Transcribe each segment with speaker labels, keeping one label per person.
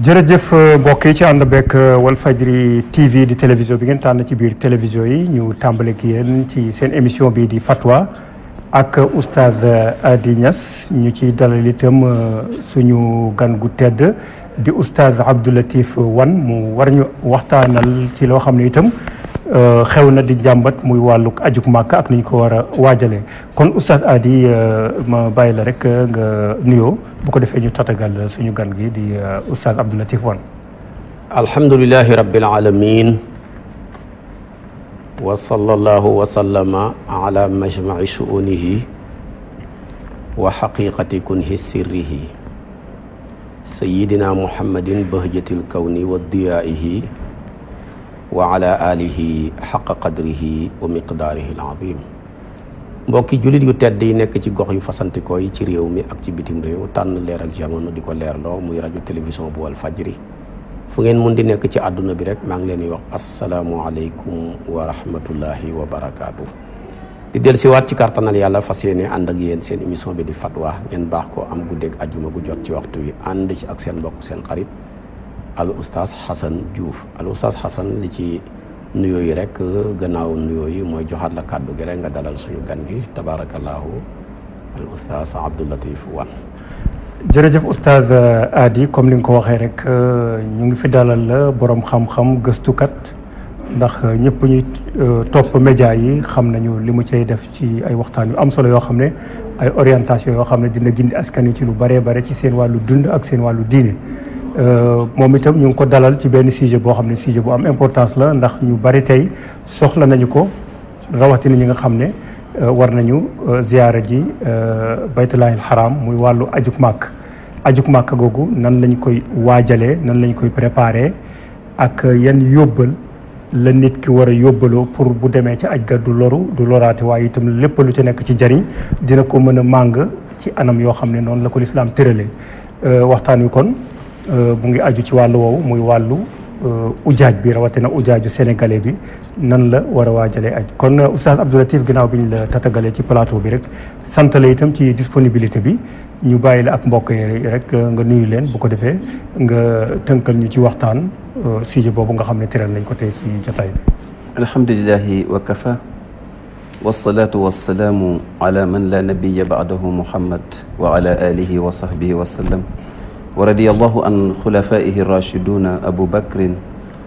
Speaker 1: jërëjëf euh, mbokk yi ci ànd beeg euh, Walfadjri TV di télévision bi ngeen tànn ci biir télévision yi ñu tàmbale ak yéen ci seen émission bi di fatwa ak oustaz Hady euh, ñu ci dalal itam suñu gan gu tedd di oustaz Abdou Latif Wane mu war ñu waxtaanal ci loo xam ne itam. Euh, xew na di jàmbat muy wàllu ajug màkk ak ni ñu ko war a waajalee kon oustaz Hady euh, ma bàyyi la rek euh, nga nuyoo bu ko defee ñu tatagal suñu gan gi di oustaz Abdou Latif Wane
Speaker 2: alhamdulilahi rabbil alamin wa sallallahu wa sallama ala majmaci shuunihi wa xaqiqati kunhi sirrihi sayidina muhammadin bahjatil kawni wa diyaihi wa ala alihi xaqa qadrihi wa miqdaarihi alazim mbokki jullit yu tedd yi nekk ci gox yu fasantikoo yi ci réew mi ak ci bitim réew tànn leer ak jamono di ko leer leerloo muy rajo télévision bu wal fajri fu ngeen mun di nekk ci àdduna bi rek maa ngi leen di wax asalaamualeykum wa rahmatullahi wa barakaatu. di del siwaat ci kartanal yàlla fas yéene ànd ak yéen seen émission bi di fatwa ngeen baax ko am guddeeg ajuma gu jot ci waxtu wi ànd ci ak seen mbokk seen xarit al oustaz Xasan Diouf al oustaz Xasan li ci nuyoo yi rek gannaaw nuyoo yi mooy joxaat la kàddu gi rek nga dalal suñu gan gi tabaarakallaahu al oustaz Abdoulatif Wane.
Speaker 1: jërëjëf oustaz Adi comme li nga ko waxee rek ñu ngi fi dalal la borom xam-xam gëstukat ndax ñëpp ñuy euh, topp média yi xam nañu li mu cay def ci ay waxtaan yu am solo yoo xam ne ay orientation yoo xam ne dina gindi askan wi ci lu bëree bare ci seen wàllu dund ak seen wàllu diine. Euh, moom itam ñu ngi ko dalal ci benn sujet boo xam ne sujet bu am importance la ndax ñu bari tey soxla nañu ko rawatina ñi nga xam ne euh, war nañu euh, ziyaara ji baytulaahil xaraam muy wàllu ajug màkk ajug màkk googu nan lañ koy waajalee nan lañ koy prépare ak yenn yóbbal la nit ki war a yóbbaloo pour bu demee ci aj ga loru du loraate waaye itam lépp lu ci nekk ci njariñ dina ko mën a màng ci anam yoo xam ne noonu la ko lislaam tëralee waxtaan wi kon Euh, mu ngi aju ci wàllu woowu muy wàllu euh, ujaaj bi rawatina ujaaju sénégalais bi nan la war a waajalee aj kon euh, oustaz Abdou Latif ginnaaw bi ñu la tatagalee ci plateau bi rek sant la itam ci disponibilité bi ñu bàyyi la ak mbokk yi rek nga nuyu leen bu ko defee nga tënkal ñu ci waxtaan sujet boobu nga xam ne tëral nañ ko tey ci jotaay bi
Speaker 3: alhamdulilahi wa kafa wasalaatu wasalaamu ala man la nabiya baadahu muhammad wa ala alihi wa sahbihi wa sallam wa radiyallahu an xulafaihi rachiduna abu bakrin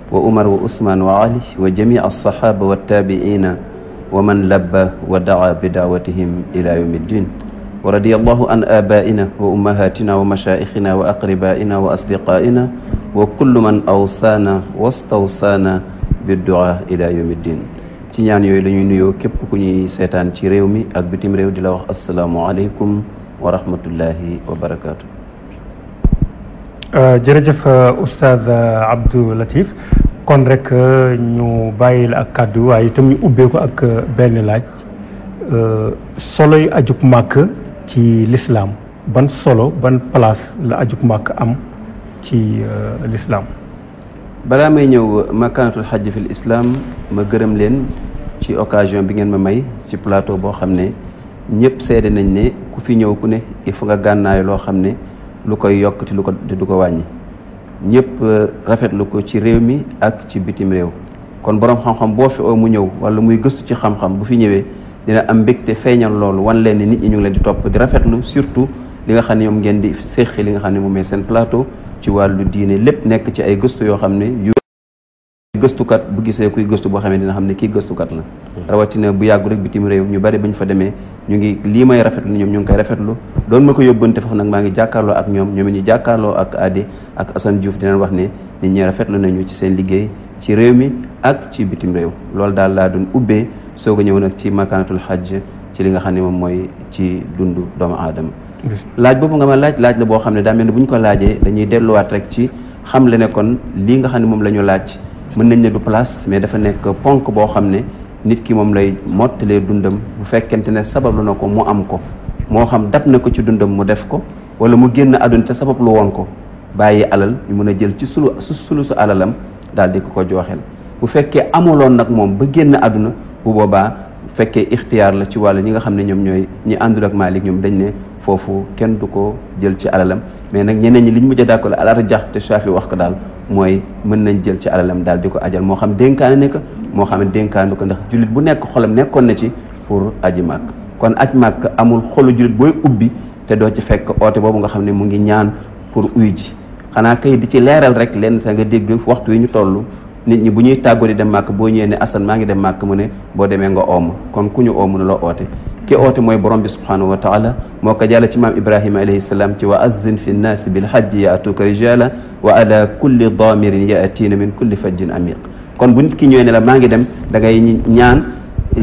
Speaker 3: wa umar wa usman wa ali wa jamii alsaxaaba wa taabiina wa man labba wa daa bi daawatihim ila yawmi ddin wa radiyallahu an abaina wa ummahatina wa mashaayixina wa aqribaina wa asdiqaina wa kullu man awsaana wastawsaana biddua ila yawmi ddin ci ñaan yooyu la ñuy nuyoo képp ku ñuy seetaan ci réew mi ak bitim réew di la wax asalaamualeykum wa rahmatullahi wa barakaatu.
Speaker 1: Euh, jërëjëf euh, oustaz euh, Abdou Latif kon rek ñu la ak kàddu waaye itam ñu ubbee ak benn laaj solo yi ajug màkk ci lislaam ban solo ban place la ajug màkk am ci lislaam
Speaker 3: balaa may ñëw makanatul xajj fi lislaam ma gërëm leen ci occasion bi ngeen ma may ci plateau boo xam ne ñëpp seede nañ ne ku fi ñëw ku ne il faut nga gànnaayu loo xam ne lu koy yokk te ko te du ko wàññi ñëpp euh, rafetlu ko ci réew mi ak ci bitim réew kon borom xam-xam boo fi oo mu ñëw wala muy gëstu ci xam-xam bu fi ñëwee dina am mbégte feeñal loolu wan leen ni nit ñi ñu ngi leen di topp di rafetlu surtout li nga xam ne ñoom ngeen di séqi li nga xam ne moom mooy seen plateau ci wàllu diine lépp nekk ci ay gëstu yoo xam ne gëstukat bu gisee kuy gëstu boo xam ne dina xam ne kii gëstukat la rawatina bu yàggu rek bitim réew ñu bari bañ fa demee ñu ngi lii may rafetlu ñoom ñu ngi koy rafetlu doon ma ko yóbbante foofu nag maa ngi jàkkaarloo ak ñoom ñoom it ñu jàkkaarloo ak Adi ak Assane Diouf dinañ wax ne nit ñi rafetlu nañu ci seen liggéey ci réew mi ak ci bitim réew loolu daal laa dun ubbee soo a ñëw nag ci makaanatul xajj ci li nga xam ne moom mooy ci dund doomu aadama laaj boobu nga ma laaj laaj la boo xam ne daa mel ne bu ñu ko laajee dañuy delluwaat rek ci xam le ne kon lii nga xam ne moom la ñu laaj mën nañ ne du place mais dafa nekk ponk boo xam ne nit ki moom lay mottalee dundam bu fekkente ne sabablu na ko mu am ko moo xam dab na ko ci dundam mu def ko wala mu génn àdduna te sabablu woon ko bàyyi alal ñu mën a jël ci sulu su sulu su alalam daal di ko ko jooxel bu fekkee amuloon nag moom ba génn àdduna bu boobaa bu fekkee ixtiyaar la ci wàll ñi nga xam ne ñoom ñooy ñi àndul ak Malik ñoom dañ ne foofu kenn du ko jël ci alalam mais nag ñeneen ñi li ñu mujj a dàkkal alar jax te Shafi wax ko daal mooy mën nañ jël ci alalam daal di ko ajal moo xam dénkaane nekk moo xam ne dénkaane ko ndax jullit bu nekk xolam nekkoon na ci pour aji màkk kon aj màkk amul xolu jullit booy ubbi te doo ci fekk oote boobu nga xam ne mu ngi ñaan pour uy ji xanaa kay di ci leeral rek lenn sa nga dégg waxtu yi ñu toll nit ñi bu ñuy tàggoo di dem màkk boo ñëwee ne asan maa ngi dem màkk mu ne boo demee nga oom kon ku ñu oom la oote ki oote mooy borom bi subhanahu wa taala moo ko jàll ci maam ibrahima alayhi salaam ci wa azzin fi nnaasi bilhajji yaatuuka rijala wa ala kulli daamirin yaatiina min kulli fajjin amiq kon bu nit ki ñëwee ne la maa ngi dem dangay ngay ñaan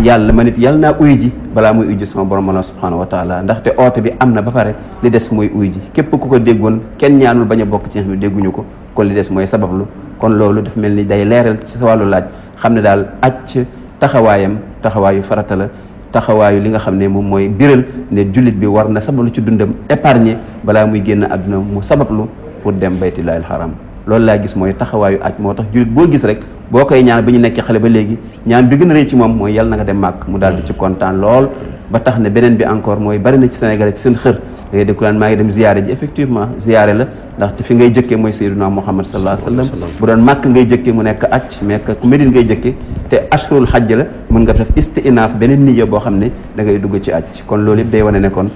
Speaker 3: yàlla ma nit yàlla naa uy balaa muy uy ji sama borom la subhanahu wa taala ndaxte oote bi am na ba pare li des mooy uy ji képp ku ko déggoon kenn ñaanul bañ a bokk ci nga dégguñu ko kon li des mooy sabablu kon loolu dafa mel ni day leeral ci sa wàllu laaj xam ne daal acc taxawaayam taxawaayu farata la taxawaayu li nga xam ne moom mooy biral ne jullit bi war na lu ci dundam épargner balaa muy génn àdduna mu sabablu pour dem baytillaahil xaram loolu laa gis mooy taxawaayu aj moo tax jullit boo gis rek boo koy ñaan bi ñu nekkee xale ba léegi ñaan bi gën a rëy ci moom mooy yàlla na nga dem màkk mu daal di ci kontaan lool ba tax ne beneen bi encore mooy bari na ci Sénégal ci seen xër dangay ngi dem ziyaare ji effectivement ziyaare la ndaxte ngay jëkkee mooy Seydina Muhammad sallallahu alayhi wasallam bu doon màkk ngay jëkkee mu nekk acc mais ku Medine ngay jëkkee te ashrul xajj la mun nga def istinaaf beneen niyya boo xam ne da ngay dugg ci acc kon loolu yëpp day wane ne kon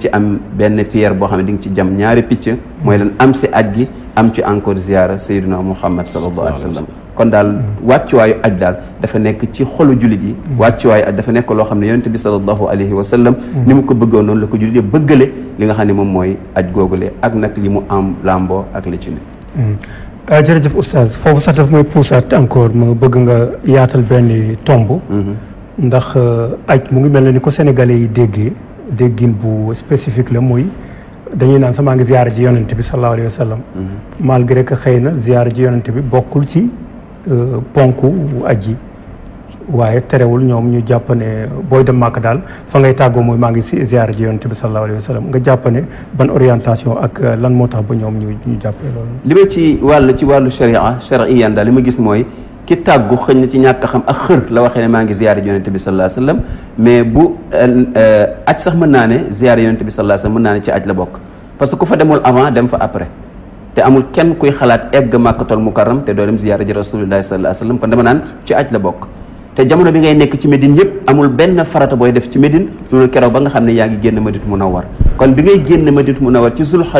Speaker 3: ci am benn pierre boo xam ne di nga ci jam ñaari picc mooy lan am si aj gi am ci encore ziyaara Seydina Muhammad sallallahu alayhi wasallam kon daal wàccuwaayu aj daal dafa nekk ci xolu jullit yi mm. wàccuwaayu aj dafa nekk loo xam ne yonent bi sallallahu alayhi wa sallam mm. ni mu ko bëggoon noonu la ko jullit yi bëggale li nga xam ne moom mooy aj googule ak nag li mu am làmboo ak la ci ne
Speaker 1: mm. euh, jërëjëf oustaz foofu sax daf may puusaat encore bëgg nga yaatal benn tomb mm-hmm. ndax euh, aj mu ngi mel ne ni ko sénégalais yi déggee déggin bu spécifique la mooy dañuy naan sama ngi ziyaara bi sallallahu alayhi wa sallam mm-hmm. xëy na ziyaara ji yonent bi bokkul ci Euh, ponk aji waaye terewul ñoom ñu jàpp ne booy dem màkk daal fa ngay tàggoo mooy maa ngi si ziar ji yonent bi sallallahu alayhi wa nga jàpp ne ban orientation ak euh, lan moo tax ba ñoom ñu jàpp jàppee loolu.
Speaker 3: li ma ci wàll ci wàllu sharia shariyan daal li ma gis mooy ki tàggu xëñ na ci ñàkk xam ak xër la waxee ne maa ngi ziar ji yonent bi sallallahu alayhi wa sallam mais bu euh, aj sax mën naa ne ziar yonent bi sallallahu alayhi wa mën naa ne ci aj la bokk parce que ku fa demul avant dem fa après. te amul kenn kuy xalaat egg màkkatal mukarram te doo dem ziyaara ji rasulillahi sallallahu alayhi wasallam kon dama naan ci aj la bokk te jamono bi ngay nekk ci Médine yëpp amul benn farata booy def ci Médine loolu keroog ba nga xam ne yaa ngi génn Madinatu Munawwar kon bi ngay génn Madinatu Munawwar ci Zul fa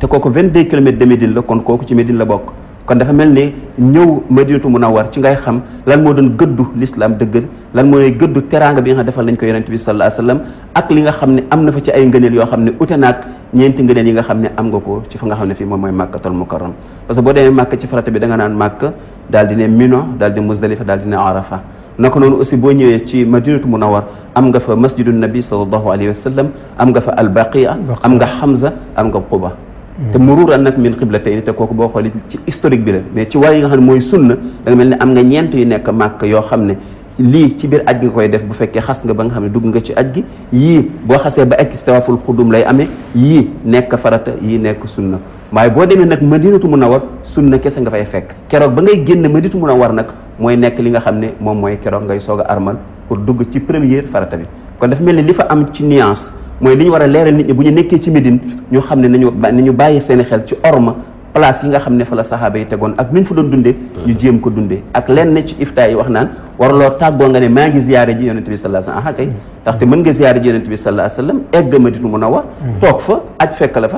Speaker 3: te kooku 22 kilomètres de Médine la kon kooku ci Médine la bokk kon dafa mel ne ñëw madinatu munawwar ci ngay xam lan moo doon gëddu l'islam dëgg lan mooy gëddu teraanga bi nga xam defal nañ ko yonent bi sallallahu alayhi wasallam ak li xam ne am na fa ci ay ngëneel yoo xam ne ute naag ñeenti ngëneel yi nga xam ne am nga ko ci fa nga xam ne fii moom mooy màkkatul mukarram parce que boo demee màkk ci farata bi da nga naan màkk daal di ne mino daal di musdalifa daal di ne arafa naka noonu aussi boo ñëwee ci madinatu munawwar am nga fa masjidu nabi sallallahu alayhi wasallam am nga fa albaqia am nga xamza am nga quba te muruuran nag min qiblatayni te kooku boo xoolee ci historique bi la mais ci war yi nga xam ne mooy sunna da nga mel ne am nga ñeent yu nekk màkk yoo xam ne lii ci biir aj gi nga koy def bu fekkee xas nga ba nga xam ne dugg nga ci aj gi yii boo xasee ba egg si tawaaful xudum lay amee yii nekk farata yii nekk na waaye boo demee nag mun a madinatu munawwar na kese nga fay fekk keroog ba ngay génn madinatu munawwar nag mooy nekk li nga xam ne moom mooy keroog ngay soog a armal pour dugg ci première farata bi li fa am mooy li ñu war a leeral nit buñu bu nekkee ci midin ñu xam ne nañu nañu bàyyi seen xel ci orma place yi nga ko dundee ak lenn ci ifta yi wax hmm. la fa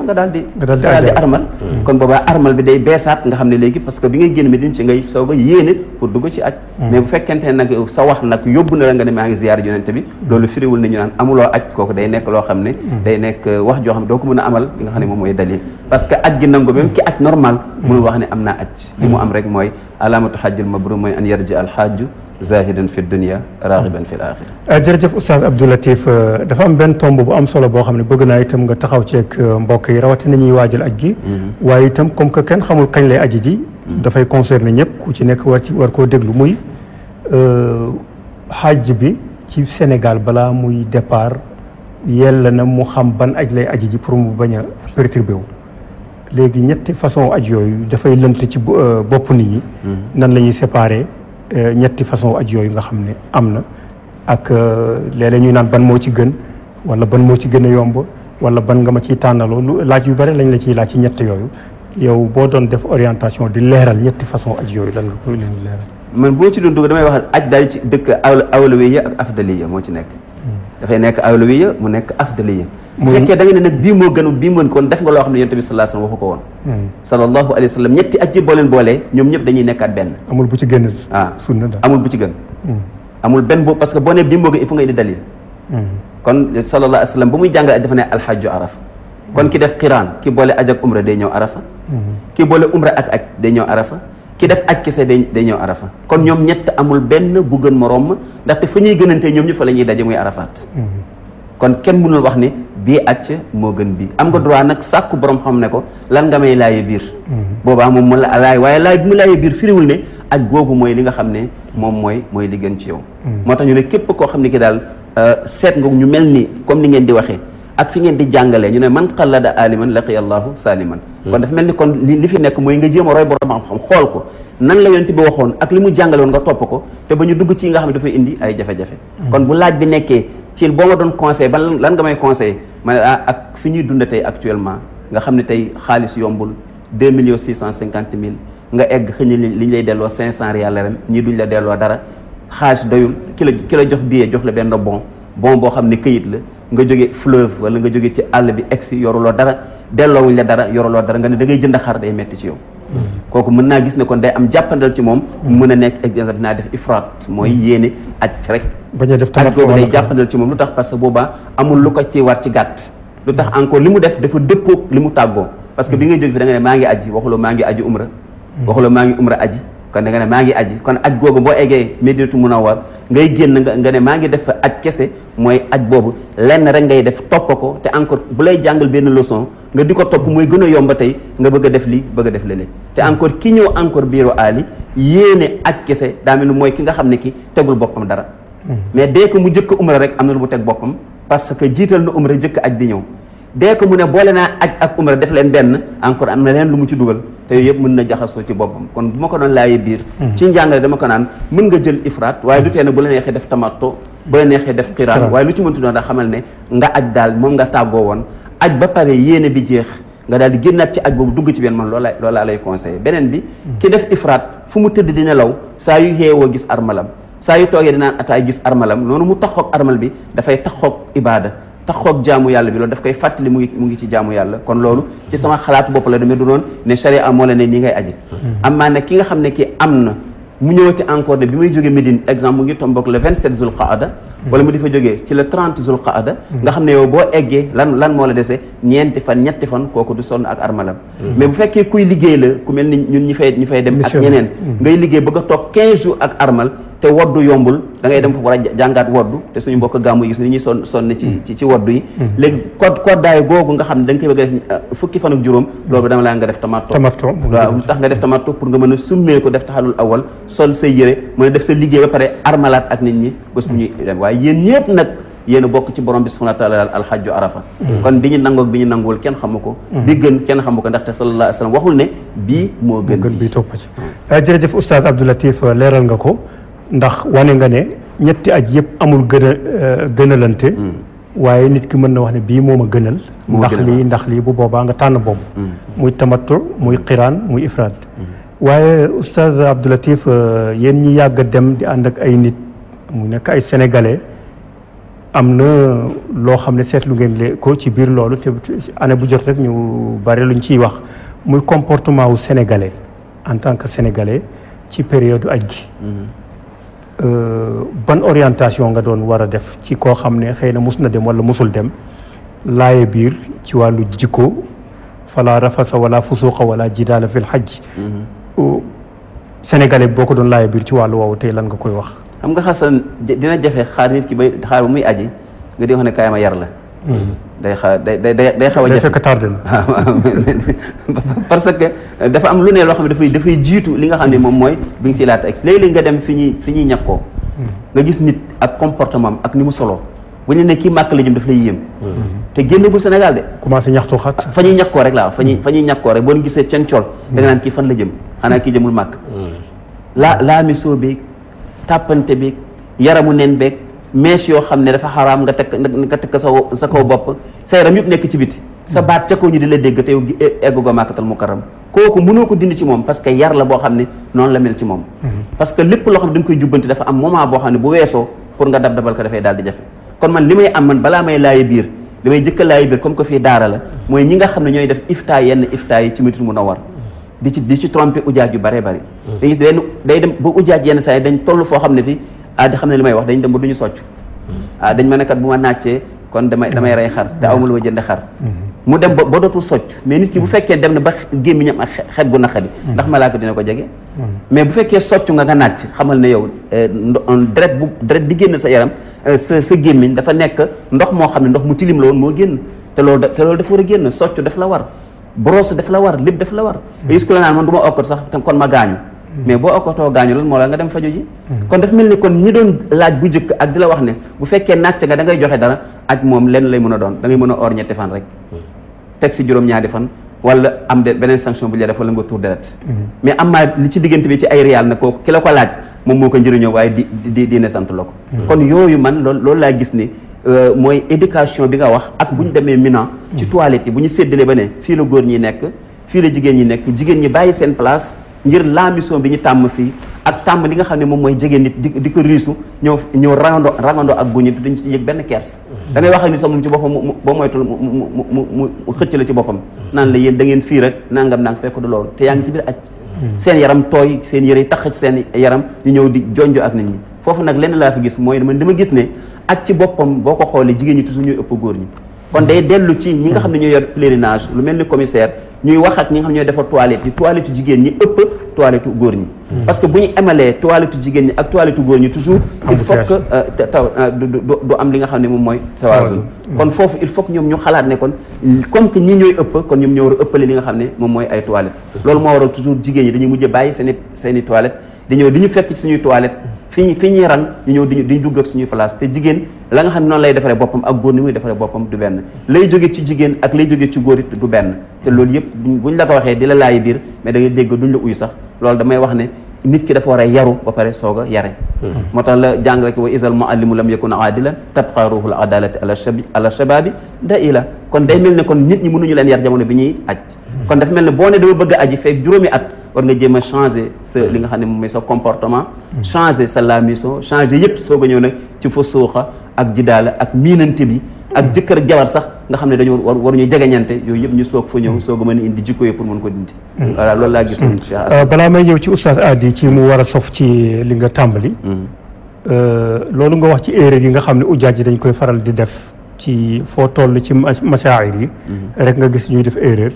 Speaker 3: daal di nga daal di armal hmm. kon boobaa armal bi xam ne léegi parce que bi ngay génn Madina ci ngay soog a yéene pour dugg ci aj hmm. mais bu fekkente ne nag sa wax nag yóbbu na la nga ne maa ngi ziyaare ji yonente bi loolu firiwul nañu naan amuloo aj kooku day nekk loo xam ne day nekk euh, wax joo xam ne doo ko mën a amal li nga xam ne moom mooy dalil parce que aj gi nangu même ki aj normal mënu wax ne am na aj mu am rek mooy alaamatu xajjul mabrur mooy an yarja al xaaju zahidan fi dunia raaxiban fi l axira
Speaker 1: euh, jërëjëf oustaz Abdoulatif euh, dafa am benn tomb bu am solo boo xam ne bëgg naa itam nga taxaw ceeg euh, mbokk yi rawatina ñuy waajal aj gi mm-hmm. waaye itam comme que kenn xamul kañ lay aji ji mm-hmm. dafay concerner ñëpp ku ci nekk war ci war koo déglu muy xaj bi ci Sénégal balaa muy départ yella na mu xam ban aj lay aji ji pour mu bañ a perturbé wu léegi ñetti façon aj yooyu dafay lënt ci euh, bopp nit ñi mm-hmm. nan la ñuy séparer euh, ñetti façon aj yooyu nga xam ne am na ak euh, léeg-léeg ñuy naan ban moo ci gën wala ban moo ci gën a yomb wala ban nga ma ciy tànnaloo lu laaj yu bari lañ la ciy laaj ci ñett yooyu yow boo doon def orientation di leeral ñetti façon aj yooyu lan nga koy leen leeral
Speaker 3: man boo ci doon dugg damay wax aj daal ci dëkk awlawiya ak afdaliya moo ci nekk dafay nekk awlawiya mu nekk afdaliya bu fekkee da ne nag bii moo gën bii mën kon def nga loo xam ne yonent bi sallallahu alayhi wasallam waxu ko woon hmm. sallallahu alayhi ñetti aj yi boo boolee ñoom ñëpp dañuy nekkaat benn
Speaker 1: amul bu ci ah. gën hmm.
Speaker 3: amul benn boobu parce que boo ne bii moo gën il faut nga indi dalil hmm. kon sallallahu alayhi wasallam bu muy jàngal aj dafa ne alxajju arafa kon ki def qiraan ki boole aj ak umra day ñëw arafa ki boole umra ak aj day ñëw arafa ki def aj kese day day ñëw arafa kon ñoom ñett amul benn bu gën moroom ndaxte fu ñuy gënantee ñoom ñu fa la ñuy daje muy arafaat mhm. kon kenn mënul wax ni bii acc moo gën bi am nga droit nag sàkku borom xam ne ko lan nga may laaye biir mhm. boobaa moom mu la laay waaye laay bi mu laaye biir firiwul ne ak googu mooy li nga xam ne moom mooy mooy li gën ci yow mhm. moo tax ñu ne képp koo xam ne ki daal euh, seet nga ñu mel ni comme ni ngeen di waxee ak fi ngeen di jàngalee ñu ne man xallada aliman laqiya allahu saliman hmm. kon dafa mel ni kon li fi nekk mooy nga jéem a roy borom xam-xam xool ko nan la yonent bi waxoon ak li mu jàngale nga topp ko te ba ñu dugg ci nga xam ne dafay indi ay jafe-jafe hmm. kon bu laaj bi nekkee ci boo ma doon conseil ban lan nga may conseil ma ne ah, ak fi ñuy dunda tey actuellement nga xam ne tey xaalis yombul deux millions six cent cinquante mille nga egg xëy na li ñu lay delloo cinq cent rial ren ñii duñ la delloo dara xaalis doyul ki la ki jox billet jox la benn bon bon boo xam ne këyit la nga jóge fleuve wala nga jóge ci àll bi egsi yoruloo dara delloowuñ la dara yoruloo dara nga ne da jënd xar day metti ci yow
Speaker 4: mm-hmm.
Speaker 3: kooku mën naa gis ne kon day am jàppandal ci moom mm-hmm. mën a nekk exemple dinaa def ifraat mooy mm-hmm. yéene aj rek bañ a def aj boobu day jàppandal ci moom lu tax parce que boobaa amul lu ko ci war ci gàtt lu tax encore li mu def dafa dëppoog li mu tàggoo parce que bi ngay jóge fi da ne maa ngi aji waxuloo maa ngi aji umra waxuloo maa ngi umra aji kon da ne maa ngi aji kon aj googu boo eggee Medinatu Munawwar ngay génn nga nga ne maa ngi def fa aj kese mooy aj boobu lenn rek ngay def topp ko te encore bu lay jàngal benn leçon nga di ko topp mooy gën a yomb tey nga bëgg def lii bëgg def lële te encore ki ñëw encore biiru aali yéene aj kese daa mel mooy ki nga xam ne ki tegul boppam dara hmm. mais dès que mu jëkk umra rek am na lu mu teg boppam parce que jiital na umra jëkk aj di ñëw dès que mu ne boole naa aj ak umra def leen benn encore am na leen lu mu ci dugal te yooyu yëpp mën na jaxasoo ci boppam kon bu ma ko doon laay biir mhm. ci njàngale dama ko naan mën nga jël ifraat waaye du tee ne bu la neexee def tamattu bu la neexee def xiraan waaye lu ci mënti doon da xamal ne nga aj daal moom nga tàggoo woon aj ba pare yéene bi jeex nga daal di génnaat ci aj boobu dugg ci benn man loolaa loolaa lay beneen bi mhm. ki def ifraat fu mu tëdd di law saa yu yeewoo gis armalam saa yu toogee dinaan ataay gis armalam noonu mu taxoog armal bi dafay taxoog ibaada taxoog jaamu yàlla bi loolu daf koy fàttali mu ngi mu ngi ci jaamu yàlla kon loolu ci sama xalaat bopp la demee du noon ne charia moo la ne nii ngay aji hmm. am ne ki nga xam ne ki am na mu ñëwati encore ne bi muy jógee Médine exemple mu ngi tomboog le 27 zul qaada hmm. wala mu di fa jógee ci le 30 zul qaada hmm. nga xam ne yow boo eggee lan moo la dese ñeenti fan ñetti fan kooku du sonn ak armalam mais bu fekkee kuy liggéey la ku mel ni ñun a toog 15 te woddu yombul da ngay dem fa war a jàngaat woddu te suñu mbokk gàmmu yi gis ni ñuy son mm. ci ci woddu yi mm. léegi code koddaay googu nga xam ne da nga koy bëgg a def uh, fukki fan ak juróom mm. loolu dama laa nga def tamatto tamatto waaw lu tax nga def tamatto pour mën a summee ko def taxalul awal sol sa yére mën a def sa liggéey ba pare armalaat ak nit ñi bés bu ñuy dem waaye yéen ñëpp nag yéen bokk ci borom bi subhanahu wa taala alxajju arafa kon bi ñu nangoog bi ñu nanguwul kenn xamu ko bi gën kenn xamu ko ndaxte sallallahu sa wa sallam waxul ne bii
Speaker 1: moo gën bi topp ci uh, jërëjëf oustaz Abdou Latif uh, nga ko ndax wane nga ne ñetti aj yëpp amul gën a euh, gënalante hmm. waaye nit ki mën na wax ne bii moom a gënal ndax lii ndax lii bu boobaa nga tànn boobu hmm. muy tamattu muy xiraan muy ifraad hmm. waaye oustaz Abdoulatif euh, yéen ñi yàgg dem di ànd ak ay nit mu nekk ay sénégalais am na loo xam ne seetlu ngeen ko ci biir loolu te année bu jot rek ñu bari luñ ciy wax muy comportement wu sénégalais en tant que sénégalais ci période aj gi Euh, ban orientation nga doon war a def ci koo xam ne xëy na mus na dem walla musul dem laaye biir ci wàllu jikko fala rafasa wala fusuqa wala jidaala fil xaj mm-hmm. euh, sénégalais boo ko doon laaye biir ci wàllu woowu tey lan nga koy wax
Speaker 3: xam nga xasan dina jafe xaar nit muy aji nga di wax ne kaay yar la day xa day day day xaw a jafe fekk tardé parce que dafa am lu ne loo xam ne dafay dafay jiitu li nga xam ne moom mooy bi nga si laata ex léeg-léeg nga dem fi ñuy fi ñuy ñàkkoo mm-hmm. nga gis nit ak comportement ak ni mu solo bu ñu ne kii màkk la jëm daf lay yéem
Speaker 4: mm-hmm.
Speaker 3: te génnagul Sénégal de commencé ñaxtu xat fa ñuy ñàkkoo rek laa fa ñuy mm-hmm. fa ñuy ñàkkoo rek boo leen gisee ceen cool da nga naan kii fan la jëm xanaa kii jëmul màkk laa laa misoo beeg tàppante beeg yaramu neen beeg mees yoo xam ne dafa xaraam nga takk nga takk sa sa bopp sa yaram yëpp nekk ci biti sa baat ca kaw ñu di la dégg te yow e- eggu ga màkkatal mukarram kooku mënoo ko dindi ci moom parce que yar la boo xam ne noonu la mel ci moom mhm. parce que lépp loo xam ne da nga koy jubbanti dafa am moment boo xam ne bu weesoo pour nga dab dabal ko dafay daal di jafe kon man li may am man balaa may laaye biir li may jëkka laaye biir comme que fii daara la mooy ñi nga xam ne ñooy def iftaa yenn iftaa yi ci Madinatul di ci di ci tromper ujaaj yu bëree bëri hmm. day gis benn day dem ba ujaaj yenn saa yi dañ toll foo xam ne fi ah xam ne li may wax dañ dem ba duñu socc hmm. ah dañ ma ne kat bu ma naccee kon damay damay rey xar te awma lu ma jënd xar hmm. mu dem ba ba dootul socc mais nit ki bu fekkee dem na ba gémmiñam ak xet gu naqari ndax malaaka dina ko jege mais bu fekkee socc nga nga nàcc xamal na yow eh, deret bu deret bi génn sa yaram eh, sa sa gémmiñ dafa nekk ndox moo xam ne ndox mu tilim la woon moo génn te loolu loolu dafa génn socc daf la war brosse daf la war lépp daf la war gis hmm. ku la naan man du ma okkat sax te kon ma gaañu hmm. mais boo okkatoo gaañu lan moo la nga dem faju ji hmm. kon daf mel ni kon ñi doon laaj bu njëkk ak di la wax ne bu fekkee nàcc nga da joxe dara ak moom lenn lay mën a doon da ngay mën a or ñetti fan rek teg si juróom-ñaari fan wala am de beneen sanction bu ñu la def wala nga tuur deret mais am maa li ci diggante bi ci ay réal na kooku ki la ko laaj moom moo ko la ko ni Euh, mooy éducation bi nga wax ak bu ñu demee Minan ci toilette bu ñu séddalee ba ne fii la góor ñi nekk fii la jigéen ñi nekk jigéen ñi bàyyi seen place ngir la mission bi ñu tàmm fii ak tàmm li nga xam ne moom mooy jege nit di di ko riisu ñëw ñëw rangando rangando ak góor ñi te duñ si yëg benn kers mm-hmm. da ngay wax ak sax moom ci boppam mu boo moytul mu mu mu xëcc la ci boppam mm-hmm. naan la yéen da ngeen fii rek nangam nang fekk du loolu te yaa ngi ci biir aj
Speaker 4: mm-hmm.
Speaker 3: seen yaram tooy seen yëre tax ci seen yaram ñu ñëw di jonjo ak nit ñi foofu nag lenn laa fi gis mooy man dama gis ne ak ci boppam boo ko xoolee jigéen ñi toujours ñooy ëpp góor ñi kon day dellu ci ñi nga xam ne ñooy yor pèlerinage lu mel ni commissaire ñuy wax ak ñi nga xam ne ñooy defar toilette yi toilette jigéen ñi ëpp toilette góor ñi hmm. parce que bu ñu amalee toilette jigéen ñi ak toilette góor toujours il faut euh, taw euh, du am li nga xam ne moom mooy tawaasun hmm. kon foofu il faut que ñoom ñu xalaat ne kon comme que ñi ñooy ëpp kon ñoom ñoo war a ëppale li nga xam ne moom mooy ay toilette hmm. loolu jigéen ñi dañuy mujj bàyyi seen i di ñëw di ñu fekk ci suñuy toilette fi ñu fi ñuy ran ñu ñëw di ñu dugg ak suñuy place te jigéen la nga xam ne noonu lay defaree boppam ak góor ni muy defaree boppam du benn lay jóge ci jigéen ak lay jóge ci góor it du benn te loolu yëpp buñ la ko waxee di la laayi biir mais da dégg duñ la uy sax lool damay wax ne nit ki dafa war a yaru ba pare soog a yare hmm. moo tax la jàngale ki wa isal muallimu lam yakun aadilan tabqa ruhul adalati ala shab ala shababi da ila kon day ne kon nit ñi mënuñu leen yar jamono bi ñuy kon dafa mel ne boo ne dama bëgg a aji at war nga jéem changer sa li nga xam ne moom mooy sa comportement changer sa lamiso changer yëpp soog a ñëw nag ci fa suuxa ak jidaala ak miinante bi ak jëkkër jabar sax nga xam ne dañoo war ñu waruñu jegeñante yooyu yëpp ñu soog fa ñëw soog a mën a indi jikko yi pour mën ko dindi mm. voilà loolu laa
Speaker 1: euh, mu a sof ci li nga tàmbali mm. euh, loolu nga wax ci erreur yi nga xam ne ujaaj yi dañ koy faral di def ci foo toll ci masaahir yi mm. rek nga gis ñuy def erreur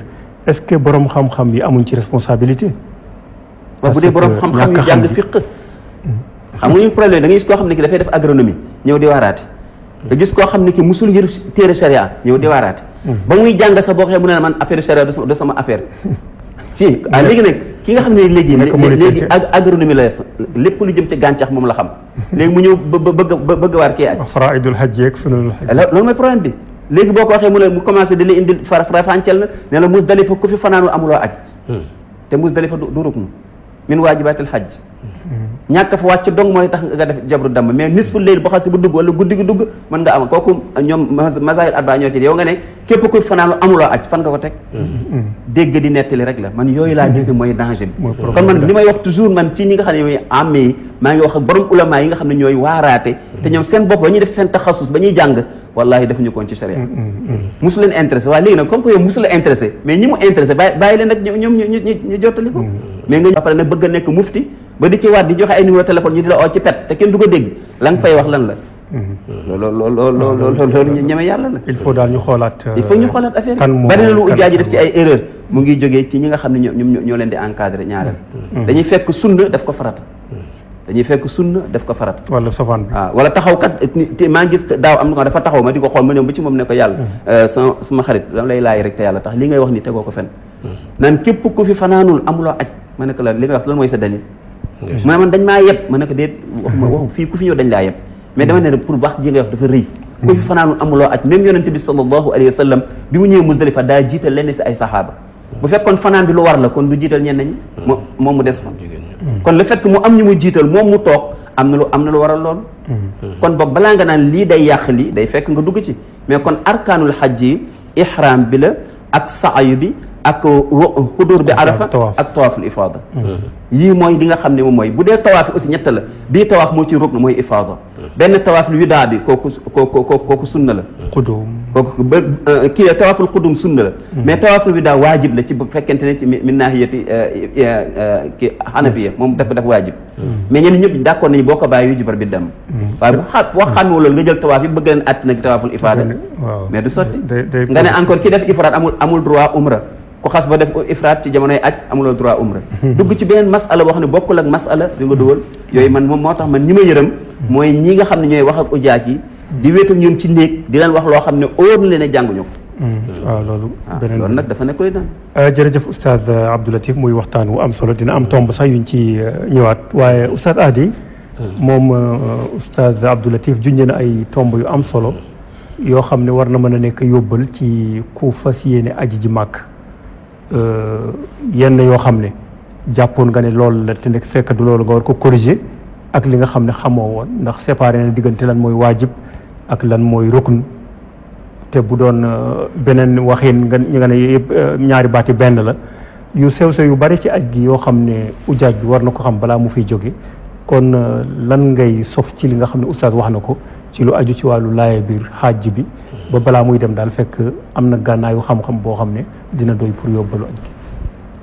Speaker 1: est-ce que borom xam-xam yi amuñ ci responsabilité parce que bu dee borom xam-xam yu jàng fiq xam nga ñu
Speaker 3: problème da ngay koo xam ne ki dafay def agronomi ñëw di waaraate nga gis koo xam ne ki musul yër téere charia ñëw di waaraate mm. ba muy jàng sax boo xee mu ne man affaire charia du sama affaire si
Speaker 1: ah léegi ki nga xam ne léegi léegi
Speaker 3: agronomie la lépp lu jëm ci gàncax moom la xam léegi mu ñëw bëgg bëgg waar kii aj
Speaker 1: faraidul hajj yeeg sunanul hajj loolu mooy problème bi
Speaker 3: léegi boo ko waxee mu ne mu commencé di la indil fara fancel na ne la Musdalifa ku fi fanaanul amuloo aj mm. te Musdalifa du rukn min waajibatil hajj ñàkk fa wàcc dong mooy tax nga def jabru damm mais nisfu leyl boo xasee bu dugg wala guddi gi dugg mën nga am kooku ñoom masaayil arba ñoo ci yow nga ne képp kuy fanaanu amuloo aj fan nga ko teg mm-hmm.
Speaker 4: Mm-hmm.
Speaker 3: dégg di nettali rek la man yooyu laa gis ne mooy danger bi kon man li may wax toujours man ci ñi nga xam ne ñooy amme yi maa ngi wax ak borom ulama yi nga xam ne ñooy waaraate te ñoom seen bopp ba ñuy def seen taxasus ba ñuy jàng wallahi def ñu koon ci charia musu mm-hmm. leen intéressé waaye léegi nag comme que yow musu la intéressé mais ñi mu intéressé bàyyi bàyyi leen nag ñoom ñu ñu jottali ko mais nga après nag bëgg a nekk mufti ba di ci waat di joxe ay numéro ñu di la oo ci pet te kenn wax lan ne ñoom ñoo leen di encadré ñaareel
Speaker 1: mm-hmm. dañuy
Speaker 3: mm-hmm. ko farata dañuy fekk sunna daf ko farata wala sofaan wala taxaw kat te maa ngi gis daaw am na dafa taxaw ma di ko xool ma ko yàlla mm-hmm. euh, sama sama xarit dama lay laaj rek te yàlla li ngay wax ni tegoo ko fen naan képp ku fi fanaanul amuloo aj ma ne la li nga wax loolu mooy sa dalil ma ne man ma ne ko déet waxuma waxu fii ku fi ñëw dañ laa yeb mais dama ne pour wax ji nga wax dafa rëy ku fi fanaanul amuloo aj même yonente bi sallallahu alayhi wa sallam bi mu ñëwee Muzdalifa daa jiital lenn si ay saxaaba bu fekkoon fanaan bi lu war la kon du jiital ñenn ñi moo moom mu des kon
Speaker 4: mm.
Speaker 3: kon le fait que mu am ñu mu jiital moom mu toog am na lu am na lu waral loolu mm. kon boog balaa nga naan lii day yàq lii day fekk nga dugg ci mais kon arkaanul xaj yi ihram bi la ak saayu bi ak xudur bi arafa ak tawaaful ifaada hmm. Hmm. yii mooy li nga xam ne moom mooy bu dee tawaaf aussi ñett la bii tawaaf moo ci rukn mooy ifaada hmm. benn tawaaful widaa bi kooku kooku kooku sunna la xudum ba euh, kii tawaaful xudum sunna la mais tawaaful widaa waajib la ci bu fekkente ci min naahiyati euh, euh, ki xanafiya moom dafa def waajib mais ñenn ñëpp d'accord nañu boo ko bàyyi yu jubar bi dem waaye bu xa wax xamoo loolu nga jël tawaaf yi bëgg leen att nag tawaaful ifaada mais du sotti nga ne encore ki def ifraat amul amul droit umra ku xas ba def ifraat ci jamonoy aj amuloo droit umra dugg ci beneen masala wax ne bokkul ak masala bi nga dugal yooyu man moom moo tax man ñi ma yërëm mooy ñi nga xam ne ñooy wax ak ujaaj yi di wéet ak ñoom ci néeg di leen wax loo xam ne óor na leen a jànguñu ko
Speaker 1: mm-hmm. waaw loolu
Speaker 3: ah, beneen loolu nag dafa nekk luy daan
Speaker 1: jërëjëf oustaz Abdou Latif muy waxtaan wu am solo dina am tomb sax yuñ ci euh, ñëwaat waaye oustaz Adi mm-hmm. moom euh, oustaz Abdou Latif junj na ay tomb yu am solo mm-hmm. yoo xam ne war na mën a nekk yóbbal ci ku yéene aji ji màkk Euh, yenn yoo xam ne jàppoon nga ne loolu la te nekk fekk du loolu nga war ko corriger ak li nga xam ne xamoo woon ndax séparé na diggante lan mooy waajib ak lan mooy rukn te bu doon euh, beneen waxin nga nga ne yëpp euh, ñaari baati benn la yu sew sew yu bari ci ak gi yoo xam ne ujaaj bi war na ko xam balaa mu fiy jóge kon euh, lan ngay sof ci li nga xam ne oustaz wax na ko ci lu aju ci wàllu laaye biir xaaj bi ba balaa muy dem daal fekk am na gànnaayu xam-xam boo xam ne dina doy pour yóbbalu aj gi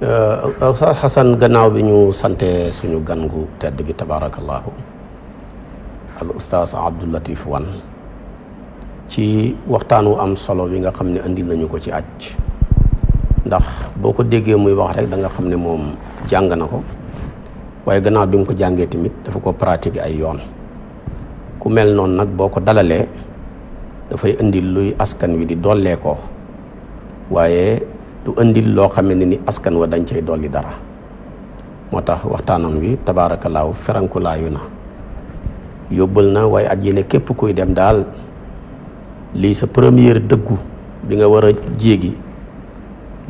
Speaker 2: euh, oustaz gannaaw bi sante suñu gan gu tedd gi tabaarakallaahu al oustaz Abdou Latif Wan ci waxtaan wu am solo bi nga xam ne indi nañu ko ci aj ndax boo ko déggee muy wax rek da nga xam ne moom jàng na ko waaye gannaaw bi mu ko jàngee tamit dafa ko pratiquer ay yoon ku mel noonu nag boo ko dalalee dafay indi luy askan wi di dollee ko waaye lu indi loo xamante ni askan wa dañ cay dolli dara moo tax waxtaanam wi tabaarakalaaw ferankulaayu na yóbbal na waaye at yéene képp kuy dem daal lii sa première dëggu bi nga war a jéegi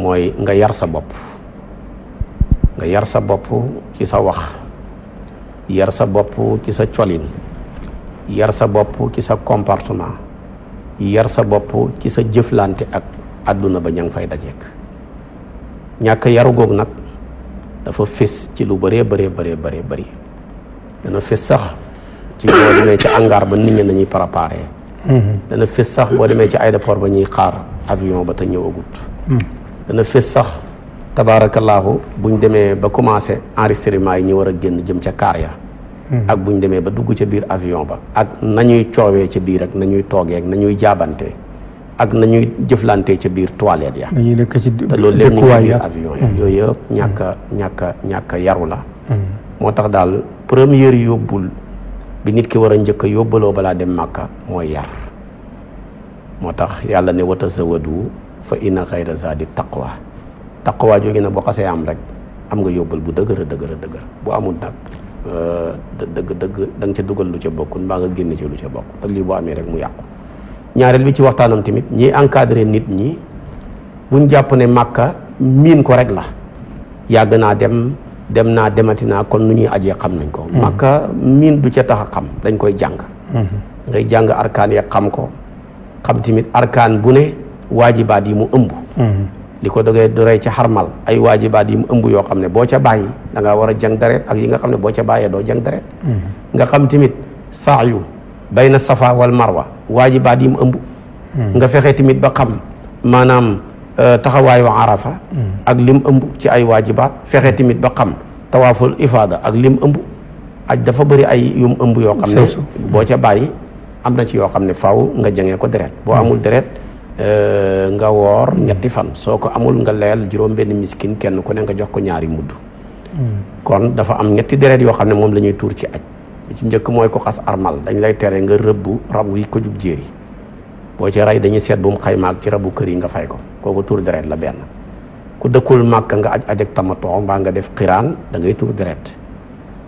Speaker 2: mooy nga yar sa bopp nga yar sa bopp ci sa wax yar sa bopp ci sa colin yar sa bopp ci sa comportement yar sa bopp ci sa jëflante ak àdduna ba ña ngi fay dajeek ñàkk yaru googu nag dafa fis ci lu bëree bëree bëree bëree bëri dana fés sax ci boo demee ci hangar ba nit ñi nañuy préparé mm-hmm. dana fés sax boo demee ci aéroport ba ñuy xaar avion ba te ñëwagut mm-hmm. dana fés sax tabaarakallaahu buñ demee ba commencé enregistrement yi ñu war a génn jëm ca kaar ya
Speaker 4: hmm.
Speaker 2: ak buñ demee ba dugg ca biir avion ba ak nañuy coowee ca biir ak nañuy toogee ak nañuy jaabante ak nañuy jëflantee ca biir toilette
Speaker 1: ya te loolu lépp ñu ci biir
Speaker 2: yëpp hmm. ñàkk ñàkk ñàkk yaru la hmm. moo tax daal première bi nit ki war a njëkk a yóbbaloo balaa dem màkka mooy yar moo tax yàlla ne wata zawadu fa inna xayra zaadi taqwa taqawaa jooju nag boo xasee am rek am nga yóbbal bu dëgër a dëgër a dëgër bu amul nag euh, dëgg dëgg da ca dugal lu ca bokkul mbaa nga génn ci lu ca bokk te lii boo amee rek mu yàqu ñaareel bi ci waxtaanam tamit ñiy encadré nit ñi buñ jàpp ne màkka miin ko rek la yàgg naa dem dem naa demati naa kon nu ñuy ajee xam nañ ko mm-hmm. màkka miin du ca tax a xam dañ koy jàng mm-hmm. ngay jàng arkaan ya xam ko xam tamit arkaan bu ne waajibaat yi mu ëmb mm-hmm. di ko dogee doree ci xarmal ay waajibaat yi mu ëmb yoo xam ne boo ca bàyyi da ngaa war a jàng deret ak yi nga xam ne boo ca bàyyee doo jàng deret mm-hmm. nga xam tamit saayu bayna safa wal marwa waajibaat yi mu ëmb
Speaker 4: mm-hmm.
Speaker 2: nga fexe tamit ba xam maanaam euh, taxawaayu arafa mm-hmm. ak lim ëmb ci ay waajibaat fexe tamit ba xam tawaaful ifaada ak lim ëmb ak dafa bëri ay yum ëmb yoo xam ne boo ca bàyyi am na ci yoo xam ne faaw nga jàngee ko deret boo amul deret Euh, nga woor ñetti fan soo ko amul nga leel juróom benn miskin kenn ku ne nga jox ko ñaari mudd hmm. kon dafa am ñetti deret yoo xam ne moom la tuur ci aj ci njëkk mooy ko xas armal dañ lay tere nga rëbb rab yi ko jug boo ci rey dañuy seet bu mu xaymaag ci rabu kër yi nga fay ko kooku tuur deret la benn ku dëkkul màkk nga aj aj ak tamatoo nga def xiraan da ngay tuur deret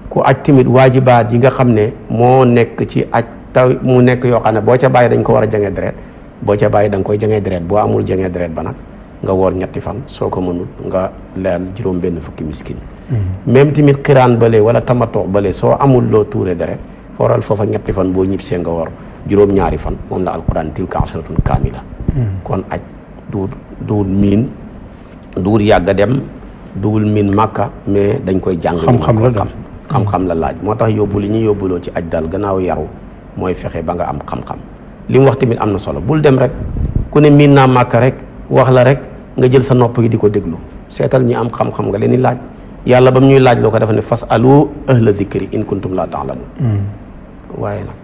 Speaker 2: ku aj tamit waajibaat yi nga xam ne moo nekk ci aj taw mu nekk yoo xam ne boo ca bàyyi dañ ko war a jange deret boo ca bàyyi da nga koy jangee deret boo amul jangee deret ba nag nga woor ñetti fan soo ko mënul nga leel juróom benn fukki miskin
Speaker 4: mm-hmm.
Speaker 2: même tamit xiraan bale wala tamatoo bale soo amul loo tuure deret waral foofa ñetti fan boo ñibbisee nga woor juróom ñaari fan moom la alquran tilka asratun kaamila mm-hmm. kon aj duul duul miin duul yàgga dem dugul miin màkka mais dañ koy jàng xam-xam xam-xam la laaj moo tax yóbbu li ñu yóbbuloo ci aj daal gannaaw yaru mooy fexe ba nga am xam li wax tamit am na solo bul dem rek ku ne miin naa màkka rek wax la rek nga jël sa nopp gi di ko déglu seetal ñi am xam-xam nga leen di laaj yàlla ba mu ñuy laaj loo ko dafa ne fas alu ahla dikri in kuntum laa taalamun hmm. waaye nag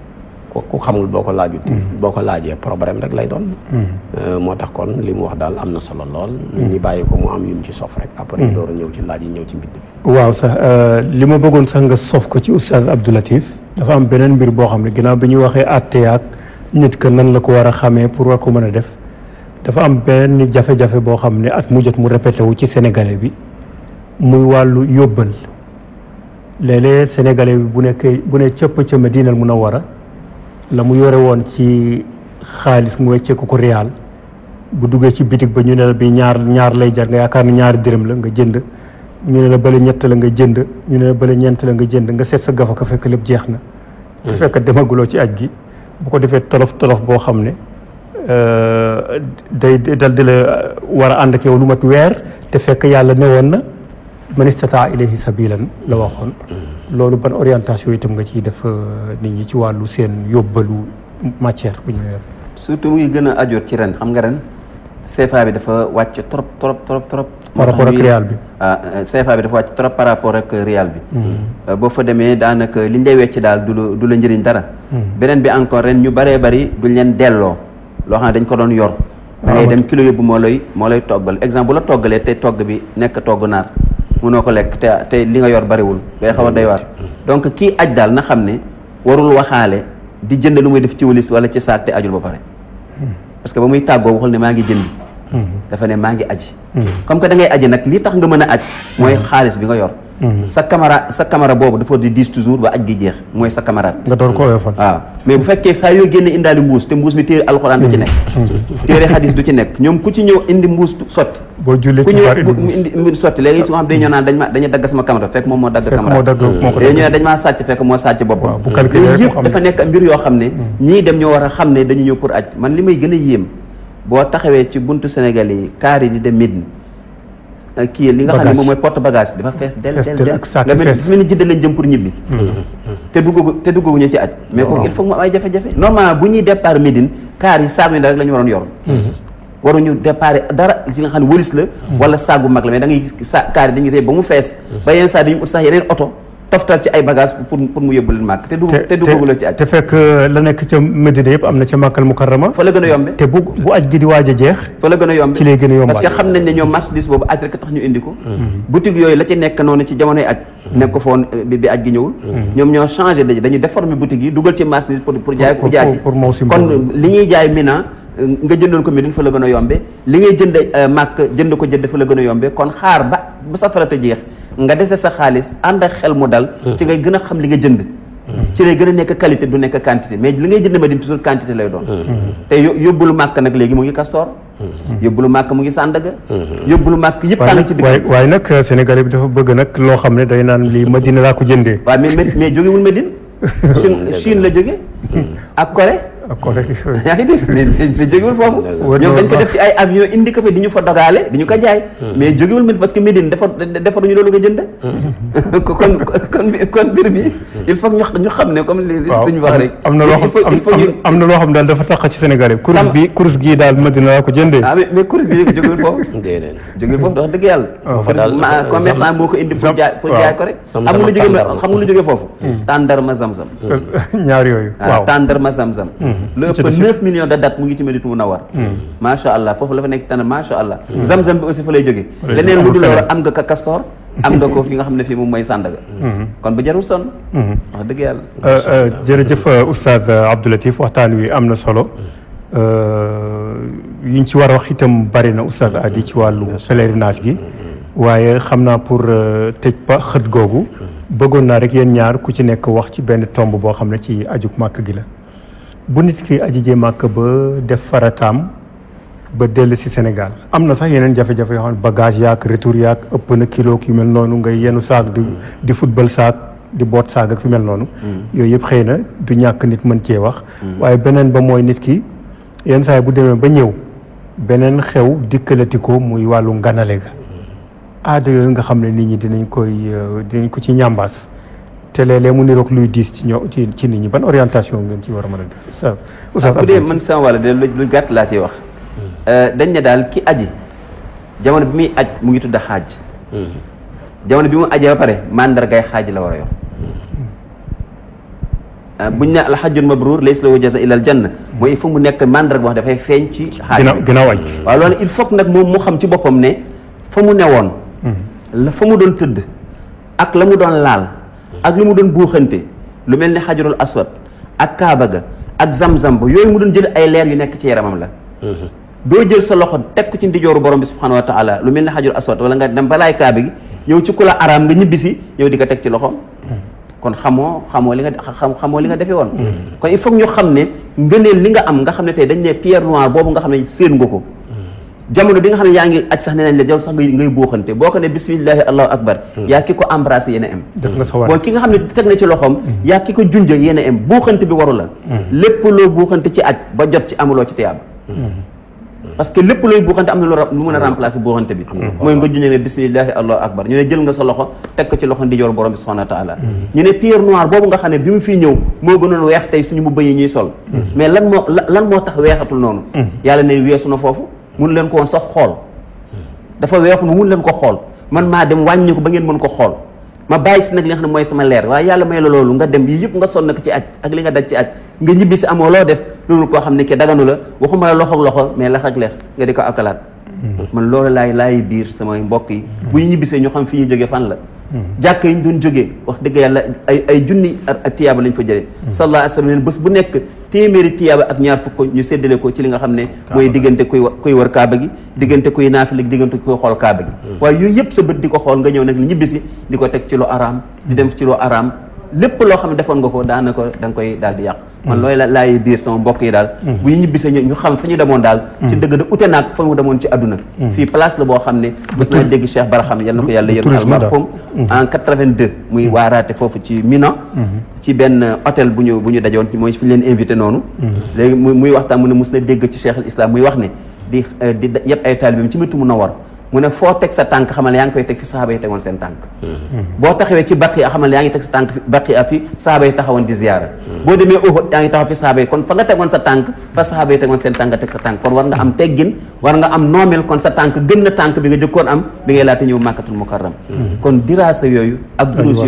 Speaker 2: ko ku xamul boo ko laajut hmm. boo ko laajee problème rek lay doon hmm. euh, moo tax kon li mu wax daal am na solo lool nit ñi bàyyi ko mu am yu mu ci sof rek après dooru ñëw ci laaj yi ñëw ci mbind
Speaker 1: bi waaw sax euh, li ma bëggoon sax nga sof ko ci oustaz Abdou Latif dafa am beneen mbir boo xam ne ginnaaw bi ñu waxee atte ak nit que nan la ko war a xamee pour war ko mën a def dafa am benn jafe-jafe boo xam ne at mu jot mu répété wu ci sénégalais bi muy wàllu yóbbal léeg-léeg bi bu nekkee bu ne cëpp a war a la mu yore woon ci xaalis mu wecceeku ko riyaal bu duggee ci bitig ba ñu ne la bi ñaar ñaar lay jar nga yaakaar ne ñaari dërëm la nga jënd ñu ne la bële ñett la nga jënd ñu ne la ñeent la nga jënd nga seet sa gafa ko fekk lépp jeex na. te mm. fekk demaguloo ci aj gi. bu ko defee tolof tolof boo xam ne day dal di la war a ànd ak lu mag weer te fekk yàlla newoon na man istataa ilayhi sabilan la waxoon loolu ban orientation itam nga ciy def uh, nit ñi ci wàllu seen yóbbalu matière bu
Speaker 3: surtout muy gën a ajoot ci ren xam nga ren CFA bi dafa wàcc trop trop trop trop. par rapport ak Real bi. ah euh, CFA bi dafa wàcc trop par rapport ak Real bi. Hmm. Euh, boo fa demee daanaka liñ lay wecc daal du la du la njëriñ dara. Hmm. beneen bi encore ren ñu baree bari duñ leen delloo loo xam ne dañ ko doon yor. Ah, da ngay dem kilo yóbbu moo lay moo lay toggal exemple bu la toggalee te togg bi nekk togg naar noo ko lekk te te li nga yor bariwul day xaw a day waar. donc kii aj daal na xam ne warul waxaale di jënd lu muy def ci walis wala ci saak te ba pare. Hmm. parce que ba muy tàggoo waxul ne maa ngi jënd. Mm-hmm. dafa ne maa ngi aji. Mm-hmm. comme que da ngay nag li tax nga ma a aj mooy xaalis bi nga yor. Mm-hmm. sa camarade sa camarade boobu dafa di diis toujours ba aj gi jeex mooy sa camarade nga door ko woyofal waaw mais bu fekkee saa yoo génne indaali mbuus te mbuus mi téere alxuraan du ci mm-hmm. nekk mm-hmm. téere xadis du ci nekk ñoom ku ci ñëw indi mbuus sotti boo jullee ku ñëw indi sotti léegi su ma xam naan dañ ma dañu dagg sama camarade fekk moom moo dagg camarade léegi ñu dañ maa sàcc fekk moo sàcc boppam yooyu dafa nekk mbir yoo xam ne ñii dem ñoo war a xam ne dañu ñëw pour aj man li may gën a yéem boo taxawee ci buntu Sénégal yi yi di dem Médine kii li nga xam ne moom mooy porte bagage dafa fees del del ak saak fees nga mel ni jënd lañ ñibbi
Speaker 4: mm-hmm. Mm-hmm.
Speaker 3: te duggoogu te duggoogu ñu ci aj mais kooku il faut mu am ay jafe-jafe normalement bu ñuy départ Médine kaar yi saag ni rek la waroon yor mm-hmm. waruñu départ dara ci nga xam wëlis la wala saag mag la mais da ngay gis kaar yi dañuy rey ba mu fees ba yenn saa dañuy ut sax yeneen oto toftal ci ay bagages pour pour mu yóbbu leen màkk. te du ci
Speaker 1: aj te fekk euh, la nekk ca Medina yëpp am na ca màkkal mukarrama fa la gën a yombe te bu bu aj gi di waaj a jeex. fa la gën a yombe ci lay gën a yombe parce que xam nañ ne ñoom
Speaker 3: marchandise boobu aj
Speaker 1: mm-hmm.
Speaker 3: nekk noonu ci jamonoy aj. Mm-hmm. nekk ko foon euh, bi bi aj gi ñëwul. Mm-hmm. ñoom ñoo changé dañuy dañuy déformer boutique yi dugal ci marchandise pour pour jaay ko jaay pour kon euh, ko Medina fa la gën a yombe li ngay jënd màkk jënd ko jënd fa la gën a yombe kon xaar ba ba safara te jeex nga dese sa xaalis ànd ak xel mu dal ci ngay gën a xam li nga jënd ci lay gën a nekk qualité du nekk quantité mais li ngay jënd ma dim toujours quantité lay doon te yóbbulu màkk nag léegi mu ngi Castor yóbbulu màkk mu ngi Sandaga
Speaker 1: yóbbulu màkk yëpp kaa ngi ci dëkk waaye nag euh, sénégalais bi dafa bëgg nag loo xam ne day naan lii ma Madina laa ko jëndee
Speaker 3: waaw mais mais
Speaker 1: jógewul Madina Chine Chine
Speaker 3: la jóge hmm. ak Corée ak compétition yaa ngi dégg mais mais jógewul foofu. ñoom dañ ko def ci ay avion indi ko fi di ñu fa dogaale di ñu ko jaay. Hmm. mais jógewul Médine parce que Médine defar defaruñu loolu hmm. kon kon kon hmm. il faut ñu xam ne comme li suñu wax rek. am na loo
Speaker 1: loo xam daal dafa tax ci Sénégal yi. kurus bi kurus gii daal Médine laa ko jëndee. ah mais mais foofu. déedéet foofu dëgg yàlla. foofa ah, daal commerçant moo
Speaker 3: ko indi pour jaay pour jaay ko rek. sam-sam am na lu jóge foofu. tàndarma sam-sam
Speaker 1: ñaar yooyu ah, waaw
Speaker 3: tàndarma sam-sam
Speaker 1: lu ëpp 9
Speaker 3: million de dates mu ngi ci Madinatu Munawwar hmm. macha allah foofu la fa nekk tànn macha allah hmm. zam-zam bi aussi fa lay jógee leneen lu dul loolu am nga ka kastoor am nga ko fi nga xam ne fii moom mooy Sandaga hmm. kon bu jarul sonn wax dëgg yàlla
Speaker 1: euh, euh, jërëjëf oustaz Abdou Latif waxtaan wi am na solo euh, yiñ ci war a wax itam bari na oustaz Adi ci wàllu pèlerinage gi waaye xam naa pour tëj pa xët googu bëggoon naa rek yéen ñaar ku ci nekk wax ci benn tomb boo xam ne ci ajug màkk gi la bu nit ki aji jee ba def farataam ba dellu si Sénégal am na sax yeneen jafe-jafe yoo xam ne bagage yaak retour yaak ëpp na kilo ki mel noonu ngay yenu saag di di football saak di boot saak ak yu mel noonu. Mm. yooyu yëpp xëy na du ñàkk nit mën cee wax. Mm. waaye beneen ba mooy nit ki yenn saa yi bu demee ba ñëw beneen xew dikkalati ko muy wàllu nganale ga mm. aada yooyu nga xam ne nit ñi dinañ koy euh, dinañ ko ci ñambaas. te léeg-léeg mu niroog luy diis ci ñoo ci ci nit ñi ban orientation ngeen ci war a mën a def oustaz ah, dee
Speaker 3: man sama wàlla de lu gàtt laa ciy wax hmm. euh, dañ ne daal ki aji jamono bi muy aj mu ngi tudd xaaj hmm. jamono bi mu ajee ba pare mandargay xaaj la war a yor hmm. euh, buñ ne alxajjul mabruur laysa lahu jaza illa al janna moo il faut mu nekk mandarga wax dafay feeñ ci xaaj ginnaaw aj waaw loolu il faut nag moom mu xam ci boppam ne fa mu newoon la fa mu doon tëdd ak la mu doon laal ak lu mu doon buuxante lu mel ne xajarul aswad ak kaaba ga ak zam-zam ba yooyu mu doon jël ay leer yu nekk ci yaramam la mhm. doo jël sa loxo teg ko ci ndijooru borom bi subhanahu wa taala lu mel ni xajarul aswad wala nga dem balaay kaaba gi ñëw ci kula araam nga ñibbisi ñëw di ko teg ci loxo mhm. kon xamoo xamoo li nga xamoo li defee woon mhm. kon i faut ñu xam ne ngëneel li nga am nga xam ne tey dañ ne pierre noire boobu nga xam ne seen nga ko jamono bi nga xam ne yaa ngi aj sax nee nañ la jaw sax ngay buuxante boo ko ne bismillahi allahu akbar hmm. yaa ki ko embrassé yéen a am ne teg na ci loxoom hmm. yaa ki ko bi waru la hmm. lépp loo buuxante ci aj ba jot ci amuloo ci tiyaab parce que lépp looy buuxante am na lu lu mën a remplacer buuxante bi mooy nga junjee ne bismillahi allahu akbar ñu ne jël nga sa loxo teg ko ci loxo ndijoor borom bi subhanahu wa taala ne boobu nga xam ne bi mu fii ñëw moo gënoon weex tey suñu mu bëyi ñuy sol mais lan moo lan moo tax weexatul noonu yàlla ne weesu na foofu munu leen ko woon sax xool dafa weexu nu mun leen ko xool man maa dem wàññi ko ba ngeen mën ko xool ma bàyyi si nag li nga xam ne mooy sama leer waaye yàlla may la loolu nga dem yii yëpp nga sonn ko ci aj ak li nga daj ci aj nga ñibbisi si amoo loo def loolu koo xam ne ki daganu la waxuma la loxo mais lex ak lex nga de ko akalaat hmm. man loolu laay laay biir samay mbokk yi hmm. bu ñibbisee ñu xam fi ñu jógee fan la Mm-hmm. jàkk yi ñu doon jógee wax dëgg yàlla ay ay junni ak tiyaaba lañ fa jëlee mm-hmm. sallallahu alayhi wa sallam bés bu nekk téeméeri tiyaaba ak ñaar fukk ko ñu séddale ko ci li nga xam ne mooy diggante kuy kuy war kaaba gi diggante kuy naaf ak diggante kuy xool kaaba gi mm-hmm. waaye yooyu yëpp sa bët di ko xool nga ñëw nag ñibbisi di ko teg ci lu araam di dem ci lu araam lépp loo xam ne defoon nga ko daanaka da koy daal di yàq man mm. looy la laay biir sama mbokk yi daal mm-hmm. bu ñu ñibbisee ñu xam fa ñu demoon daal ci mm. dëgg da ute naag fa mu demoon ci àdduna mm. fii place la boo xam ne bés naa dégg Cheikh Baraxam yal na ko yàlla yërëm almarhum mm-hmm. en 82 muy mm-hmm. waaraate foofu ci Milan ci benn bu ñu bu ñu dajoon mooy fi ñu leen invité noonu léegi muy waxtaan mu ne mos na dégg ci Cheikh al Islam muy wax ne di di yëpp ay taalibeem ci méttu mun a war mu ne foo teg sa tànk xamal yaa ngi koy teg fi saxaaba yi tegoon seen tànk mm-hmm. boo taxawee ci baqi a xamal yaa ngi teg sa tànk baqi a fi saxaaba yi taxawoon di mm-hmm. boo demee Uhud yaa ngi taxaw fi saxaaba yi kon fa nga tegoon sa tànk fa saxaaba yi tegoon seen tànk nga teg sa tànk kon war nga am teggin war nga am noomel kon sa tànk gën na tànk bi nga jëkkoon am bi ngay laata ñëw màkkatul mukarram mm-hmm. kon diraasa yooyu ak duruus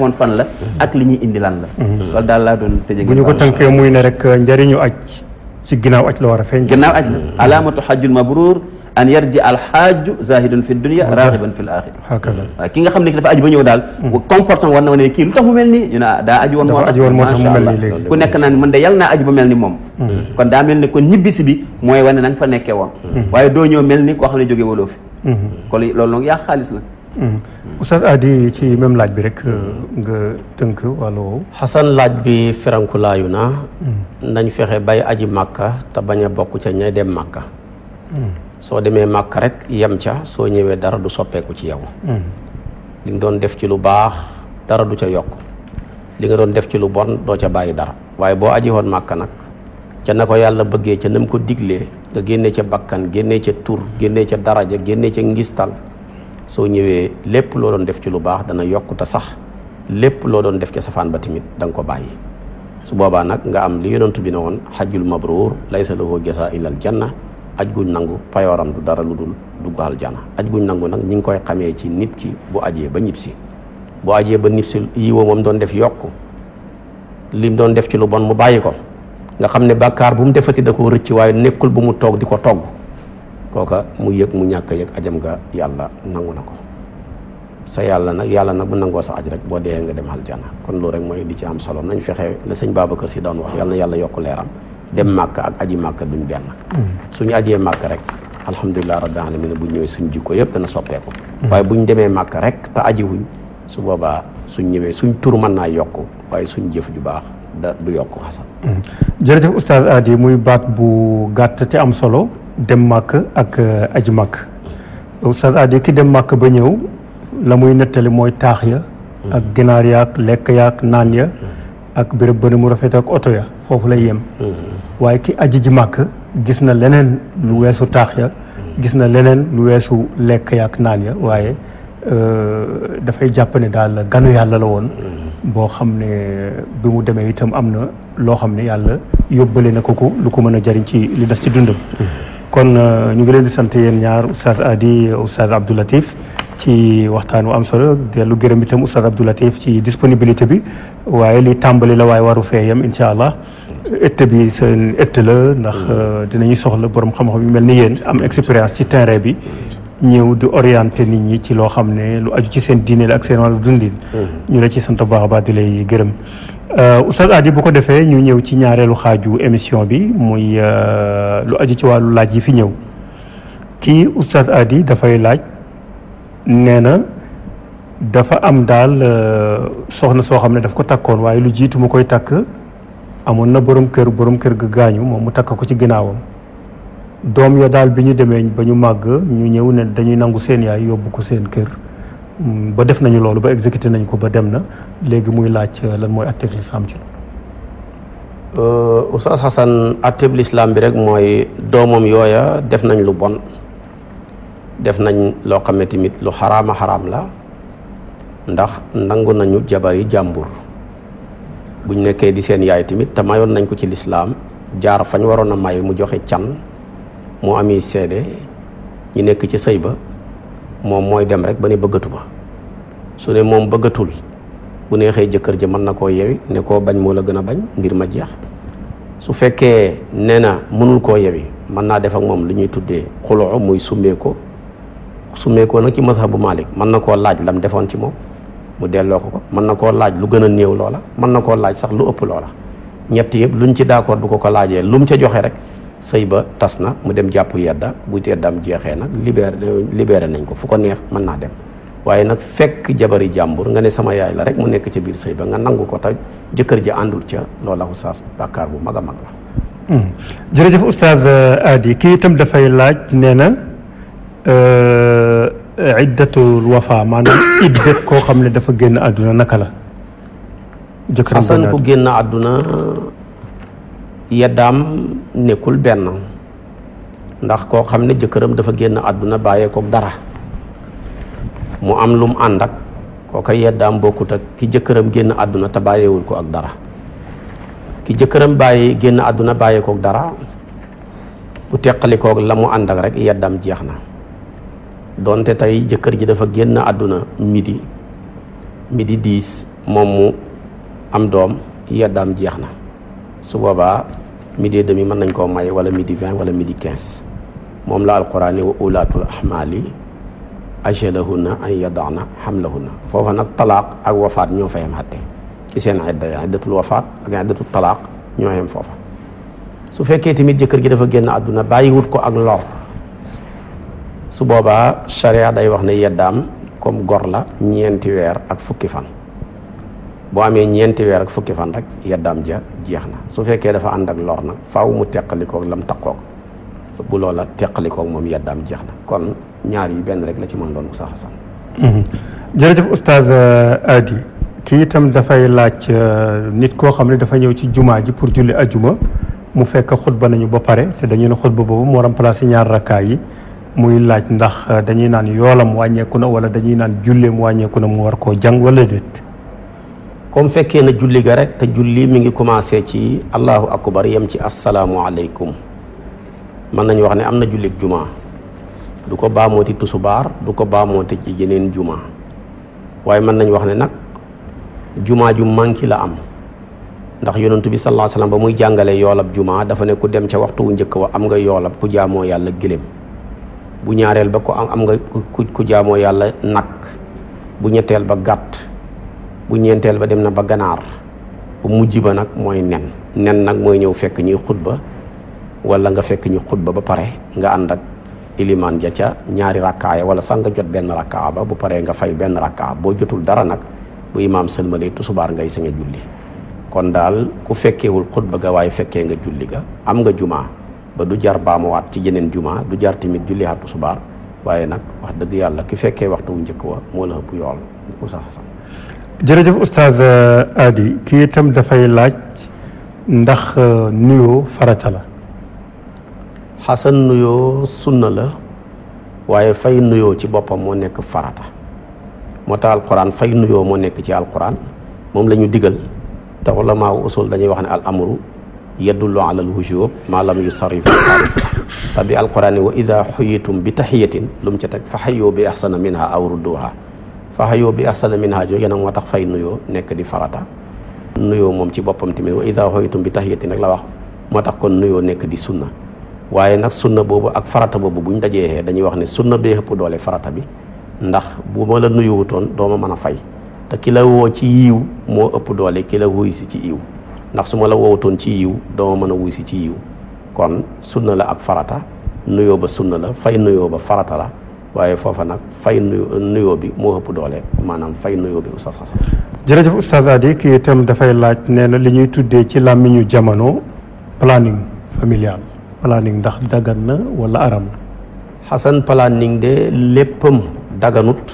Speaker 3: la ak
Speaker 1: li ñu aj ci ginnaaw aj la war a feeñ ginnaaw aj la
Speaker 3: alaamatu xajjul mabruur an yarji alxaaju zahidun fi dunia raxiban fi l axira waaw ki nga xam ne ki dafa aju ba ñëw daal hmm. comportement war na ne kii lu tax mu mel nii ñu ah, ku nekk naan man de yàlla aju ba mel moom hmm. kon daa mel kon ñibbisi bi mooy wane na fa nekkee woon hmm. waaye doo ñëw mel ni xam ne jóge waloo kon loolu yaa xaalis la
Speaker 1: Mm. Oustaz Hady ci même laaj bi rekk euh, nga tënk wàllu woowu xasan laaj bi
Speaker 2: ferankulaayu na mm. nañ fexe bay aji màkka te bañ a bokk ca ñay dem màkka mm. soo demee màkka rek yem ca soo ñëwee dara du soppeeku ci yow li nga doon def ci lu baax dara du ca yokk li nga doon def ci lu bon doo ca bàyyi dara waaye boo aji woon màkka nag ca na ko yàlla bëggee ca nam ko diglee nga génnee ca bakkan génnee ca tur génnee ca daraja génnee ca ngistal soo ñëwee lépp loo doon def ci lu baax dana yokkute sax lépp loo doon def ci safaan ba tamit da nga ko bàyyi su boobaa nag nga am li yonent bi ne woon xajjul mabruur laysa lahu jazaa illal janna aj guñ nangu payooram du dara lu dul dugg jana aj guñ nangu nag ñi ngi koy xamee ci nit ki bu ajee ba ñib si bu ajee ba ñib si yi woo moom doon def yokk li mu doon def ci lu bon mu bàyyi ko nga xam ne bàkkaar bu mu defati da koo rëcc waaye nekkul bu mu toog di ko togg kooka mu yëg mu ñàkk yëg ajam nga yàlla nangu na ko sa yàlla nag yàlla nag bu nangoo sa aj rek boo dee nga dem aljana kon loolu rek mooy di ci am solo nañ fexe la sëñ Babacar si doon wax yàlla na yàlla yokk leeram dem màkk ak aji màkk duñ benn hmm. suñu ajee màkk rek alhamdulilah rabbil alamin bu ñëwee suñ jikko yépp dana soppeeku hmm. waaye buñ demee màkk rek te aji wuñ su boobaa suñ ñëwee suñ tur mën naa yokk waaye suñ jëf ju baax da du yokk xasan
Speaker 1: hmm. jërëjëf oustaz Adi muy baat bu gàtt te am solo dem màkk ak euh, aji màkk cest à ki dem màkk ba ñëw la muy nettali mooy taax ya ak ginaar yaak lekk yaak naan ya ak béréb bëna mu rafet ak oto ya foofu lay yem waaye ki aji ji màkk gis na leneen lu weesu taax ya gis na leneen lu weesu lekk yaak naan ya waaye euh, dafay jàpp ne daal ganu yàlla la woon boo xam ne bi mu demee itam am na loo xam ne yàlla yóbbale na ko ko lu ko mën a jariñ ci lu des ci dundam kon euh, ñu ngi leen di sant yéen ñaar oustaz Adi oustaz Abdou Latif ci waxtaan wu am solo dellu gërëm itam oustaz Abdou Latif ci disponibilité bi waaye li tàmbali la waaye waru fee yem incha allah ëtt bi seen ëtt la ndax euh, dinañu soxla borom xam-xam yu mel ni yéen am expérience ci terrain bi ñëw di orienté nit ñi ci loo xam ne lu aju ci seen diine la ak seen wàllu dundin. Mm-hmm. ñu la ci sant baax a baax di lay gërëm. Euh, Oustaz Aji bu ko defee ñu ñëw ci ñaareelu xaaju émission bi muy euh, lu aju ci wàllu laaj yi fi ñëw kii Oustaz Aji dafay laaj nee na dafa am daal euh, soxna soo xam ne daf ko takkoon waaye lu jiitu mu koy takk amoon na boroom kër borom kër ga gaañu moom mu takk ko ci ginnaawam doom ya daal bi ñu demee ba ñu màgg ñu ñëw ne dañuy nangu seen yaay yóbbu ko seen kër. Mm, ba def nañu loolu ba exécuté nañ ko ba dem na léegi muy laaj euh, lan mooy atteb lislaam ci loolu
Speaker 2: euh, Oustaz Assane atteb lislaam bi rek mooy doomam yooya def nañ lu bon def nañ loo xam ne tamit lu xaraama xaraam la ndax nangu nañu jabar yi jàmbur buñ nekkee di seen yaay tamit te mayoon nañ ko ci lislaam jaar fañ waroon a may mu joxe can mu ami seede ñu nekk ci sëy ba moom mooy dem rek ba ne bëggatuma su ne moom bëggatul bu neexee jëkkër ji mën na koo yewi ne koo bañ moo la gën a bañ mbir ma jeex su fekkee nee na mënul koo yewi mën naa def moom lu ñuy tuddee xuloo muy summee ko summee ko nag ci mazhabu Malik mën na koo laaj lam defoon ci moom mu delloo ko ko mën na koo laaj lu gën a néew loola mën na koo laaj sax lu ëpp loola ñett yëpp luñ ci d'accord bu ko ko laajee lu mu ca joxe rek sëy ba tas na mu dem jàpp yedda bu dam jeexee nag libéré libéré nañ ko fu ko neex mën naa dem waaye nag fekk jabari jàmbur nga ne sama yaay la rek mu nekk ca biir sëy ba nga nangu ko te jëkkër ji àndul ca loola oustaz bàkkaar bu mag a mag
Speaker 1: la hmm. jërëjëf oustaz euh, kii itam dafay laaj nee na euh, iddatul wafa koo xam ne dafa génn àdduna naka la jëkkër ku
Speaker 2: génn àdduna yeddaam nekkul benn ndax koo xam ne jëkkëram dafa génn àdduna bàyyeekook dara mu am lum àndak ak kooka yeddaam bokkut ak ki jëkkëram génn àdduna te bàyyeewul ko ak dara ki jëkkëram bàyyi génn àdduna bàyyeekook dara bu teqali kook la mu ànd ak rek yeddaam jeex na donte tey jëkkër ji dafa génn àdduna midi midi diis moom mu am doom yeddaam jeex na su boobaa midi demi mën nañ koo may wala midi vingt wala midi quinze moom la alquran ni wa ulaatul ahmaali ajalahunna an yadaana xamlahunna foofa nag talaaq ak wafaat ñoo fayam xatte ci seen idda iddatul wafaat ak iddatul talaaq ñoo yem foofa su fekkee tamit jëkkër gi dafa génn àdduna bàyyiwut ko ak lor su boobaa charia day wax na yeddaam comme gor la ñeenti weer ak fukki fan boo amee ñeenti weer ak fukki fan rek yeddaam ja jeex na su fekkee dafa ànd ak lor nag faaw mu teqalikoog lam taqoog bu loola teqalikoog moom yeddaam jeex na kon ñaar yi benn rek la ci mën doon Moussa Xasan
Speaker 1: mhm. jërëjëf oustaz euh, Adi kii itam dafay laaj euh, nit koo xam ne dafa ñëw ci jumaa ji pour julli ajuma mu fekk xutba nañu ba pare te dañu ne xutba boobu moo remplacé ñaar rakkaay yi muy laaj ndax euh, dañuy naan yoolam wàññeeku na wala dañuy naan julleem wàññeeku na mu war koo jàng wala comme fekkee na julli ga rek te julli mu ngi commencé
Speaker 2: ci allahu akbar yem ci asalaamualeykum mën nañu wax ne am na jullig juma du ko baamooti tusubaar du ko baamooti ci jeneen juma waaye mën nañu wax ne nag jumaa ju manqué la am ndax yonent bi sallallahu ba muy jàngale yoolab juma dafa ne ku dem ca waxtu wu njëkk wa am nga yoolab ku jaamoo yàlla gëléem bu ñaareel ba ku am am nga ku jaamoo yàlla nag bu ñetteel ba gàtt bu ñeenteel ba dem na ba ganaar bu mujj ba nag mooy nen nen nag mooy ñëw fekk ñuy xutba wala nga fekk ñu xutba ba pare nga ànd ak ilimaan ja ca ñaari rakkaaya wala sax nga jot benn rakkaa ba bu paree nga fay benn rakkaa boo jotul dara nag bu imaam sëlmalee tusubaar ngay sañ a julli kon daal ku fekkeewul xutba ga waaye fekkee nga julli ga am nga jumaa ba du jar baamuwaat ci jeneen jumaa du jar tamit julli xaatu subaar waaye nag wax dëgg yàlla ki fekkee waxtu wu njëkk ëpp yool
Speaker 1: ku jërëjëf oustaz euh, Adi kii itam dafay laaj ndax euh, nuyoo farata la xasan nuyoo
Speaker 2: sunna la waaye fay nuyoo ci boppam moo nekk farata moo tax alquran fay nuyoo moo nekk ci alquran moom lañu ñu digal te ulama usul dañuy wax ne al amru yadullu ala al wujub ma lam yusarrif te bi alquran wa ida xuyitum bi taxiyatin lu mu ca teg fa xayoo bi axsana minha aw rudduha faxayoo bi ahsana minhaa jooju nag moo tax fay nuyoo nekk di farata nuyoo moom ci boppam tamit wa idaa hoytum bi tahiyatin nag la wax moo tax kon nuyoo nekk di sunna waaye nag sunna boobu ak farata boobu buñ dajeexee dañuy wax ne sunna bee ëpp doole farata bi ndax bu ma la nuyuwutoon doo ma mën a fay te kila woo ci yiw moo ëpp doole ki la ci yiw ndax su ma la woowutoon ci yiw doo mën a wuy si ci yiw kon sunna la ak farata nuyoo ba sunna la fay nuyoo ba farata la waaye foofa nag fay nuyoo bi moo ëpp doole maanaam fay nuyoo bi oustaz Xasan
Speaker 1: jërëjëf oustaz Hady kii itam dafay laaj nee na li ñuy tuddee ci làmmiñu jamono planning familial planning ndax daggan na wala aram na
Speaker 2: Xasan planning de léppam daganut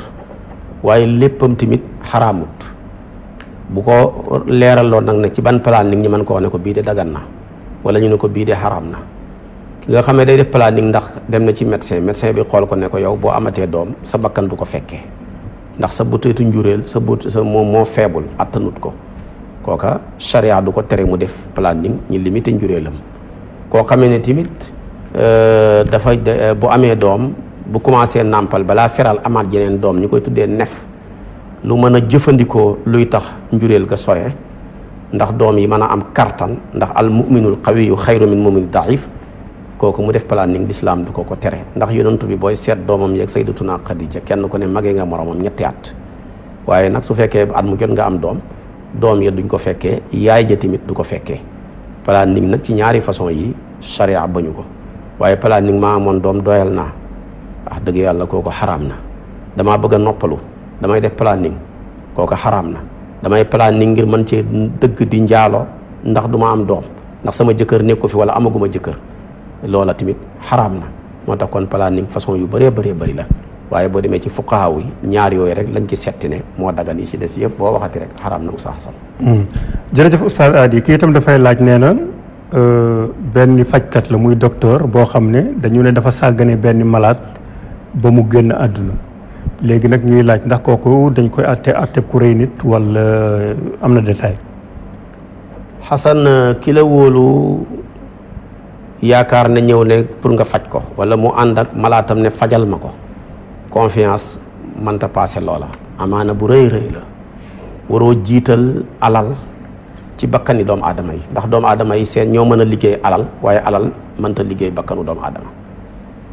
Speaker 2: waaye léppam tamit xaraamut bu ko leeraloon nag ne ci ban planning ñu mën koo ne ko bii de daggan na wala ñu ne ko bii de xaraam na ki nga xam ne day def planning ndax dem na ci médecin médecin bi xool ko ne ko yow boo amatee doom sa bakkan du ko fekkee ndax sa buteetu njuréel sa but sa moom moo feebul attanut ko kooka charia du ko tere mu def planning ñu limité njuréelam koo xamee ne tamit euh, dafa bu amee doom bu commencé nàmpal balaa feral amaat jeneen doom ñu koy tuddee nef lu mën a jëfandikoo luy tax njuréel ga soye ndax doom yi mën a am kartan ndax al muminul qawiyu xayru m mumin kooku mu def planning lislaam du ko ko tere ndax yonantu bi booy seet doomam yeeg sayyidatuna Xadija kenn ko ne magee nga moromam ñetti at waaye nag su fekkee at mu jot nga am doom doom ya duñ ko fekkee yaay ja tamit du ko fekkee planning nag ci ñaari façon yi charia bañu ko waaye planning maa amoon doom doyal naa wax dëgg yàlla kooku xaraam na damaa bëgg a noppalu damay def planning kooku xaraam na damay planning ngir mën cee dëgg di njaaloo ndax du ma am doom ndax sama jëkkër nekku fi wala amaguma jëkkër loola tamit xaraam na moo tax kon planning façon yu bëree bëree bari la waaye boo demee ci fuqaaw yi ñaar yooyu rek lañ ci setti ne moo dagan yi si des yëpp boo waxati rek xaraam na Oustaz Assane.
Speaker 1: Hmm. jërëjëf Oustaz Adi kii tam dafay laaj nee na euh, benn fajkat la muy docteur boo xam ne dañu ne dafa sàggane benn malaat ba mu génn àdduna léegi nag ñuy laaj ndax kooku dañ koy atte atte ku rëy nit wala euh, am na détail. Xasan euh, ki la wóolu
Speaker 2: yaakaar na ñëw ne pour nga faj ko wala mu ànd ak malaatam ne fajal ma ko confiance mënta paase loola amaana bu rëy rëy la waroo jiital alal ci bakkani doomu aadama yi ndax doomu aadama yi seen ñoo mën a liggéey alal waaye alal mënta liggéey bakkanu doomu aadama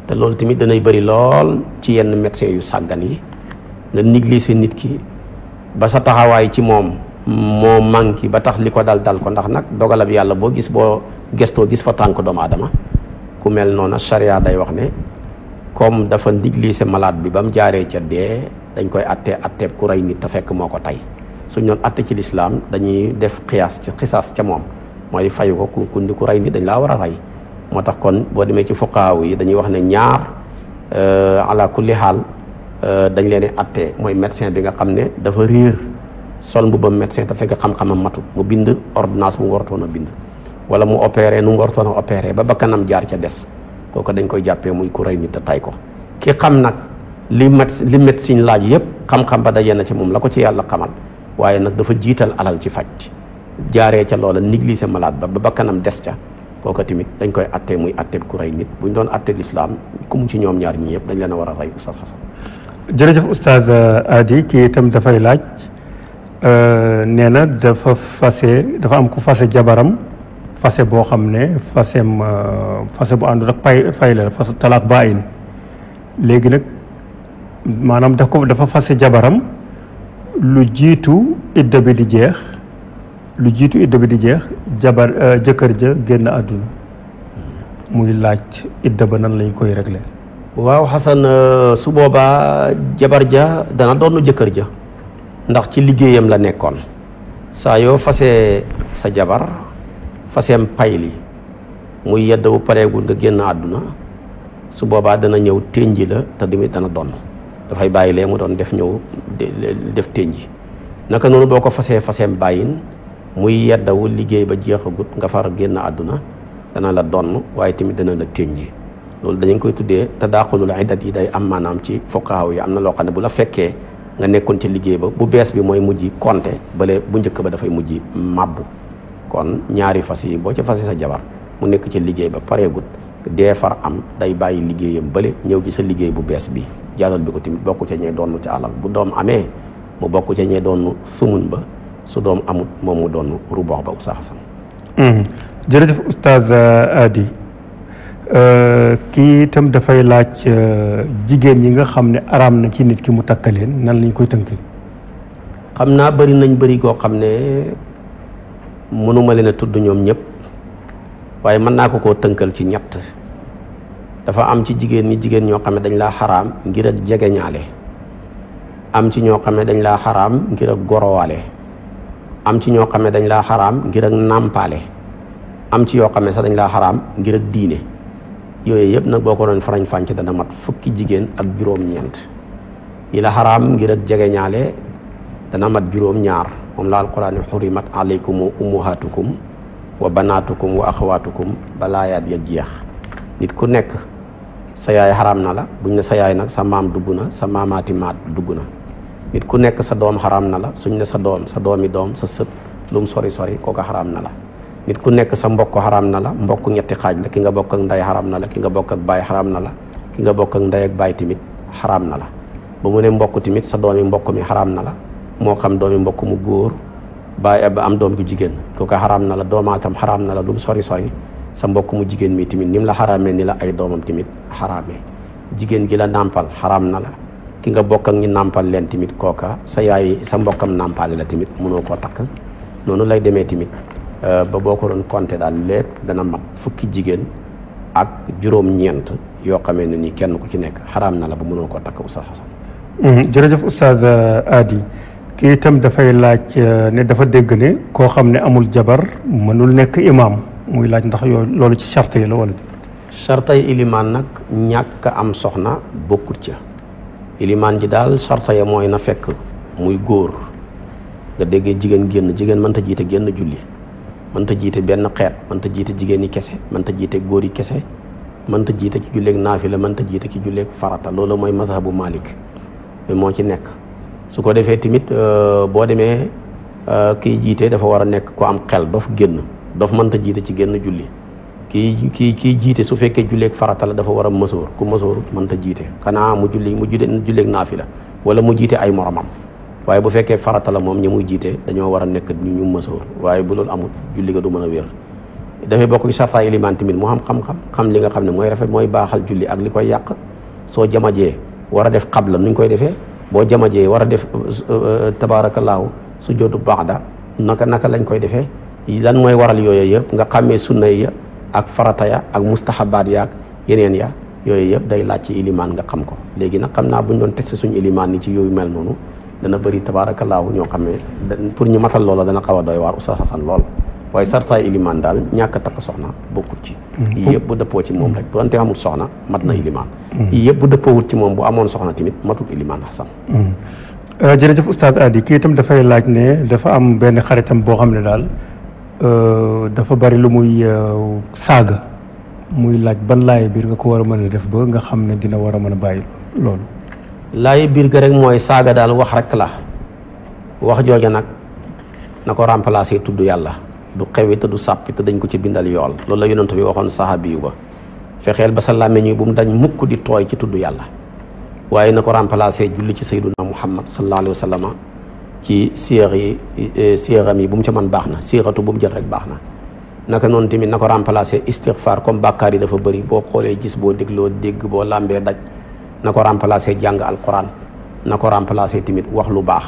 Speaker 2: te loolu tamit danay bari lool ci yenn médecin yu sàggan yi nga négliger nit ki ba sa taxawaay ci moom moo manqué ba tax li ko dal dal ko ndax nag dogalab yàlla boo gis boo gestoo gis fa tànk doomu aadama ku mel noonu charia day wax ne comme dafa négliger malaat bi ba mu jaaree ca dee dañ koy attee atteeb ku rey nit ta fekk moo ko tey suñ doon ci lislaam dañuy def xiyaas ci xisaas ca moom mooy fayu ko ku kundi ku rey nit dañ laa war a rey moo tax kon boo demee ci fuqaaw yi dañuy wax ne ñaar euh, ala kulli xaal euh, dañ leen di attee mooy médecin bi nga xam ne dafa réer sol mbubbam médecin te fekk xam-xamam matu mu bind ordonnance bu mu waratoon a bind wala mu opéré nu mu wartoon a opéré ba bakkanam jaar ca des kooku dañ koy jàppee muy ku rey nit te tay ko ki xam nag li mat li médecine laaj yëpp xam-xam ba daje na ci moom la ko ci yàlla waaye nag dafa jiital alal ci faj jaare ca loola négliger malade ba ba bakkanam des ca kooka tamit dañ koy attee muy attee ku rey nit bu ñu doon attee lislaam ku mu
Speaker 1: ci ñoom ñaar ñi yëpp dañ leen a war a rey oustaz Hasan jërëjëf oustaz Adi kii itam dafay laaj euh, nee na dafa fase dafa am ku fase jabaram fase boo xam ne fasem euh, fase bu àndul ak pay fay la fas talaak baayin léegi nag maanaam daf ko dafa fase jabaram lu jiitu idda bi di jeex lu jiitu idda bi di jeex jabar euh, jëkkër ja génn àdduna muy laaj idda ba nan lañ koy réglé
Speaker 2: waaw Xasan euh, su boobaa jabar ja dana doon jëkkër ja ndax ci liggéeyam la nekkoon saa yoo fase sa jabar faseem pay li muy yedd bu pareegul nga génn àdduna su boobaa dana ñëw ténji la te tamit dana donn dafay bàyyi lee mu doon def ñëw def ténji naka noonu boo ko fasee faseem bàyyin muy yeddawu liggéey ba jeexagut nga far génn àdduna dana la donn waaye tamit dana la ténji loolu dañu koy tuddee te tadaaxulul iddat yi day am maanaam ci fuqaaw yi am na loo xam ne bu la fekkee nga nekkoon ci liggéey ba bu bees bi mooy mujj konte bale bu njëkk ba dafay mujj màbbu kon ñaari fas yi boo ci fasi sa jabar mu nekk ci liggéey ba pareegut dee far am day bàyyi liggéeyam bële ñëw ci sa liggéey bu bees bi jaatal bi ko tamit bokku ca ñee doon ca alal bu doom amee mu bokk ca ñee doon sumun ba su doom amut moom mu doonnu rubox ba Oustaz Assane
Speaker 1: hmm. jërëjëf Oustaz euh, Adi euh, kii itam dafay laaj euh, jigéen ñi nga xam ne araam na ci nit ki mu takk leen nan lañ koy tënkee.
Speaker 2: xam naa bëri nañ bëri koo xam ne mënuma leen a tudd ñoom ñëpp waaye mën naa ko koo tënkal ci ñett dafa am ci jigéen ñi jigéen ñoo xam ne dañ laa xaraam ngir ak jegeñaale am ci ñoo xam ne dañ laa xaraam ngir ak gorowaale am ci ñoo xam ne dañ laa xaraam ngir ak nàmpaale am ci yoo xam ne sax dañ laa xaraam ngir ak diine yooyu yëpp nag boo ko doon farañ fànc dana mat fukki jigéen ak juróom-ñeent yi la xaraam ngir ak jegeñaale dana mat juróom-ñaar moom la alquran xurimat aleykum ummuhaatukum wa banaatukum wa axawaatukum balaa yaat ya jeex nit ku nekk sa yaay xaram na la buñ ne sa yaay nag sa maam dugg na sa maamaati maat dugg na nit ku nekk sa doom xaraam na la suñ ne sa doom sa doomi doom sa sët lu mu sori sori kooka xaraam na la nit ku nekk sa mbokk xaraam na la mbokk ñetti xaaj la ki nga bokk ak ndey xaraam na la ki nga bokk ak baay xaram na la ki nga bokk ak ndey ak baay tamit xaraam na la ba mbokk tamit sa doomi mbokk mi xaraam na la moo xam doomi mbokk mu góor bàyyi ba am doom bu jigéen kooka xaraam na la doomaatam xaraam na la lu mu sori sori sa mbokk mu jigéen mi tamit ni mu la xaraamee ni la ay doomam tamit xaraamee jigéen gi la nàmpal xaraam na la ki nga bokk ak ñi nàmpal leen tamit kooka sa yaay sa mbokkam nàmpaale la tamit mënoo koo takk noonu lay demee tamit euh, ba boo ko doon compter daal lépp dana mat fukki jigéen ak juróom yoo xamee ni kenn ku ci nekk xaraam na la ba mënoo koo takk Oustaz
Speaker 1: Assane jërëjëf Oustaz Adi ki itam dafay laaj euh, ne dafa dégg ne koo xam ne amul jabar mënul nekk imaam muy laaj ndax yoo loolu ci charte yi la wala
Speaker 2: chartay ilimaan nag ñàkk am soxna bokkut ca ilimaan ji daal charta ya mooy na fekk muy góor nga déggee jigéen génn jigéen mënta jiite génn julli mënta jiite benn xeet mënta jiite jigéen yi kese mënta jiite góor yi kese mënta jiite ki julleeg naafila mënta jiite ki julleeg farata loolu mooy mazhabu Malik moo ci nekk su ko defee tamit euh, boo demee euh, kiy jiite dafa war a nekk ku am xel dof génn dof mënta jiite ci génn julli kii kii kii jiite su fekkee julleeg farata la dafa war a mësoor ku mësoor mënta jiite xanaa mu julli mu julli julleeg naafi la wala mu jiite ay moromam waaye bu fekkee farata la moom ñi muy jiite dañoo war a nekk ñu mësoor waaye bu loolu amul julli ga du mën a wér dafay bokk ci sarta ilimaan tamit mu xam xam-xam xam li nga xam ne mooy rafet mooy baaxal julli ak li koy yàq soo jamajee war a def xabla nuñ koy defee boo jama jamajee war a def tabaarakallaahu sujoodu baxda naka naka lañ koy defee lan mooy waral yooyu yëpp nga xàmmee sunna ya ak farata ya ak mustahabaat ya ak yeneen ya yooyu yëpp day laaj ci ilimaan nga xam ko léegi nag xam naa bu ñu doon testé suñu ilimaan ni ci yooyu mel noonu dana bëri tabaarakallaahu ñoo xam ne pour ñu matal loola dana xaw a doy waar Oustaz Assane lool waaye sartaay ilimaan daal ñàkk a takk soxna bokkut ci mm. yii yëpp bu dëppoo ci moom rek donte amul soxna mat na mm. ilimaan mm. yii yëpp bu ci moom bu amoon soxna tamit matul ilimaan xasan
Speaker 1: euh, jërëjëf oustaz Adi kii itam dafay laaj ne dafa am benn xaritam boo xam ne daal euh, dafa bari lu muy euh, saaga muy laaj ban laaye biir nga ko war a mën a def ba nga xam ne dina war a mën a bàyyi loolu
Speaker 2: laaye biir ga rek mooy saaga daal wax rek la wax jooja nag na ko remplacer tudd yàlla du xewi te du sàppi te dañ ko ci bindal yool lool la yonent bi waxoon sahabi yu ba fexeel ba sa làmmiñ yi bu mu dañ mukk di tooy ci tudd yàlla waaye na ko remplacé julli ci sayduna muhammad sallallahu alayhi wa sallama ci séex yi eh, séexam yi bu mu ca mën baax na séexatu bu mu rek baax na naka noonu tamit na ko remplacé istighfar comme bàkkaar yi dafa bëri boo xoolee gis boo dégloo dégg boo làmbee daj na ko remplacé jàng alquran na ko remplacé tamit wax lu baax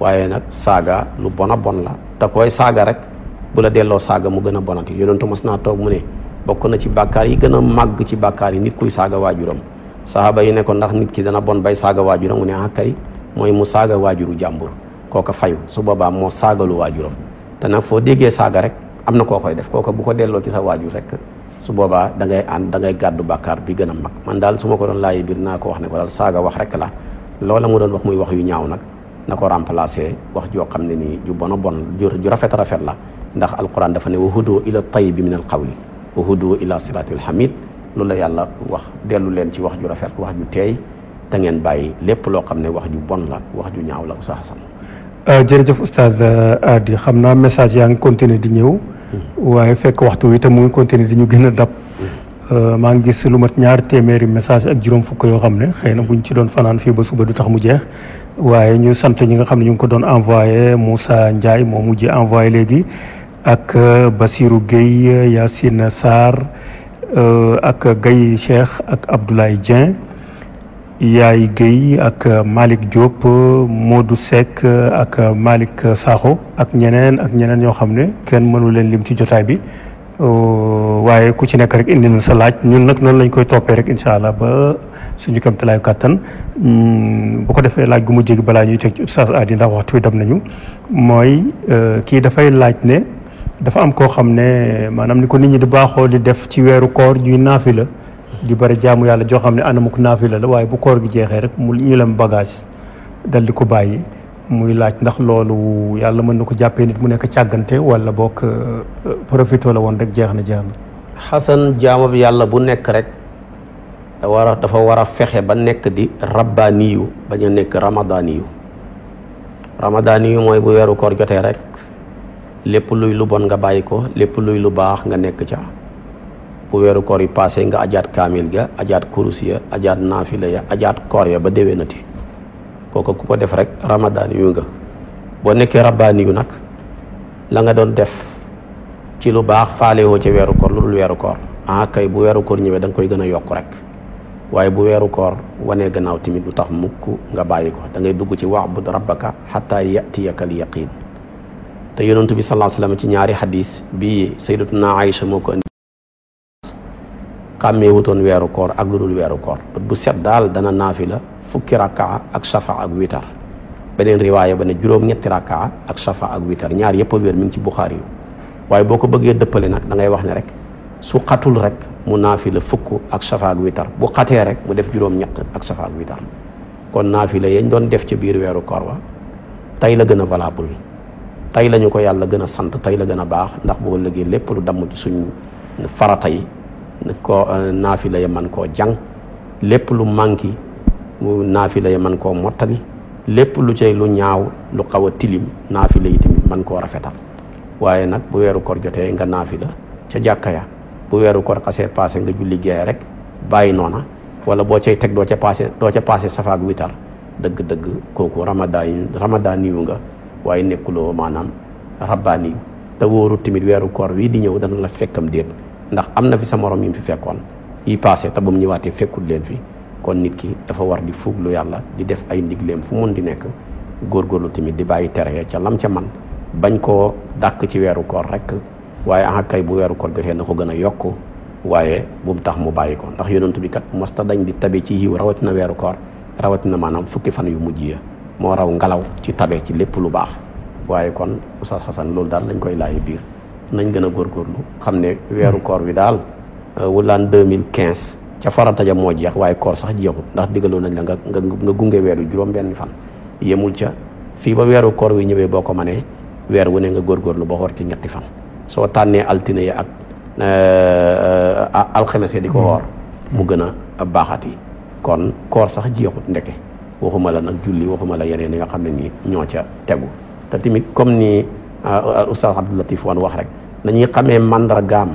Speaker 2: waaye nag saaga lu bon a bon la te koy saaga rek bu la delloo saaga mu gën a bonati yonentu mas naa toog mu ne bokk na ci bàkkaar yi gën a màgg ci bàkkaar yi nit kuy saaga waajuram sahaaba yi ne ko ndax nit ki dana bon bay saaga waajuram mu ne ah kay mooy mu saaga waajuru jàmbur kooka fayu su boobaa moo saagalu waajuram te nag foo déggee saaga rek am na koo koy def kooka bu ko delloo ci sa waajur rek su boobaa da ngay ànd ngay gàddu bàkkaar bi gën a mag man daal su ma ko doon laajee biir naa ko wax ne ko daal saaga wax rek la loola mu doon wax muy wax yu ñaaw nag na ko remplacer wax joo xam ne nii ju bon a bon ju rafet rafet la ndax alquran dafa ne wa hudu ila tayibi min alqawli wa hudu ila sirati alhamid loolu la yàlla wax dellu leen ci wax ju rafet wax ju teey te ngeen bàyyi lépp loo xam ne wax ju bon la wax ju ñaaw la Oustaz Assane
Speaker 1: euh, jërëjëf Oustaz euh, Adi xam naa message yaa ngi continuer di ñëw hmm. waaye fekk waxtu wi itam mu ngi continuer di ñu gën a dab hmm. euh, maa ngi gis lu mat ñaar téeméeri message ak juróom fukk yoo xam ne xëy na buñ ci doon fanaan fii ba suba du tax mu jeex waaye ñu sant ñi nga xam ne ñu ngi ko doon envoyé Moussa Ndiaye moo mujj envoyé léegi ak euh, Basirou Gueye Yacine Sarr euh, ak gay Cheikh ak Abdoulaye Dieng Yaay géey ak Malick Diop Modou Seck ak Malick Sakho ak ñeneen ak ñeneen ñoo xam ne kenn mënu leen lim ci jotaay bi euh, waaye ku ci nekk rek indi na sa laaj ñun nag noonu lañ koy toppee rek incha allah ba suñu kamtalaayu kàttan hmm, bu ko defee laaj gu mu jéggi balaa ñuy teg ci oustaz Adi ndax waxtu wi dem nañu mooy kii dafay laaj ne. dafa am koo xam ne maanaam ni ko nit ñi di baaxoo di def ci weeru koor ñuy naafi la di bari jaamu yàlla joo xam ne anamuk naafi la la waaye bu koor gi jeexee rek mu ñu lem bagage dal di ko bàyyi muy laaj ndax loolu yàlla mën na ko jàppee nit mu nekk càggante wala boog euh, profito la woon rek jeex na jeex na
Speaker 2: xasan jaamab yàlla bu nekk rek war dafa war a fexe ba nekk di rabbaaniyu ba a nekk ramadaaniyu ramadaaniyu mooy bu weeru koor jotee rek lépp luy lu bon nga bàyyi ko lépp luy lu baax nga nekk ca bu weeru koor yi paase nga ajaat kaamil ga ajaat kurus ya ajaat naafila ya ajaat koor ya ba déwénati kooku ku ko def rek ramadaan yu nga boo nekkee rabbaani yu nag la nga doon def ci lu baax faalewoo ca weeru koor lu dul weeru koor ah kay bu weeru koor ñëwee danga koy gën a yokk rek waaye bu weeru koor wane gannaaw tamit lu tax mukk nga bàyyi ko dangay dugg ci wax wa'bud rabbaka xataa yatiyakal yaqiin te yonantu bi sallallahu alayhi ci ñaari xadiis bi sayyidatuna Aïcha moo ko indi xàmmee wutoon weeru koor ak lu dul weeru koor bu set daal dana la fukki rakkaa ak shafa ak witar beneen riwaaya ba ne juróom-ñetti rakkaa ak shafa ak witar ñaar yëpp a wér mi ngi ci Buxaari yu waaye boo ko bëggee dëppale nag da ngay wax ne rek su xatul rek mu naafila fukk ak shafa ak witar bu xatee rek mu def juróom-ñett ak shafa ak witar kon la yañ doon def ca biir weeru koor wa tey la gën a valable tey lañu ko yàlla gën a sant tey la gën a baax ndax boo lëgee lépp lu damm ci suñ farata yi ko euh, naafila ya man koo jàng lépp lu manqué naafila ya man koo mottali lépp lu cay lu ñaaw lu xaw a tilim naafila yi tamit man koo rafetal waaye nag bu weeru koor jotee nga la ca jàkka ya bu weeru koor xasee passé nga julli géey rek bàyyi noona wala boo cay teg doo ca passé doo ca passé safaak witar dëgg-dëgg kooku ramadaan ramadaan nga waaye nekkuloo maanaam rabbaani te wóoru tamit weeru koor wii di ñëw dana la fekkam déet ndax am na fi sa moroom yi mu fi fekkoon yi passé te ba mu ñëwaatee fekkul leen fi kon nit ki dafa war di fuuglu yàlla di def ay ndigleem fu mun di nekk lu tamit di bàyyi tere ca lam ca man bañ koo dàq ci weeru koor rek waaye ah kay bu weeru koor jotee na ko gën a yokk waaye bu mu tax mu bàyyi ko ndax yonent bi kat mosta dañ di tabe ci rawatina weeru koor rawatina maanaam fukki fan yu mujj ya moo raw ngelaw ci tabe ci lépp lu baax waaye kon Oustaz Xasan loolu daal lañ koy laaye biir nañ gën a góorlu xam ne weeru koor bi daal euh, wulaan deux mille quinze ca farata moo jeex waaye koor sax jeexul ndax diggaloo nañ la nga nga nga gunge weeru juróom benn fan yemul ca fii ba weeru koor wi ñëwee boo ko manee weer wu ne nga góorlu ba xoor ci ñetti fan soo tànnee altine yi ak euh, euh, alxames yi di ko woor mu gën a baaxat yi kon koor sax jeexut ndeke waxuma la nag julli waxuma la yeneen yi nga xam ne nii ñoo ca tegu te tamit comme ni oustaz ah, Abdou Latif wan wax rek nañuy xamee mandargaam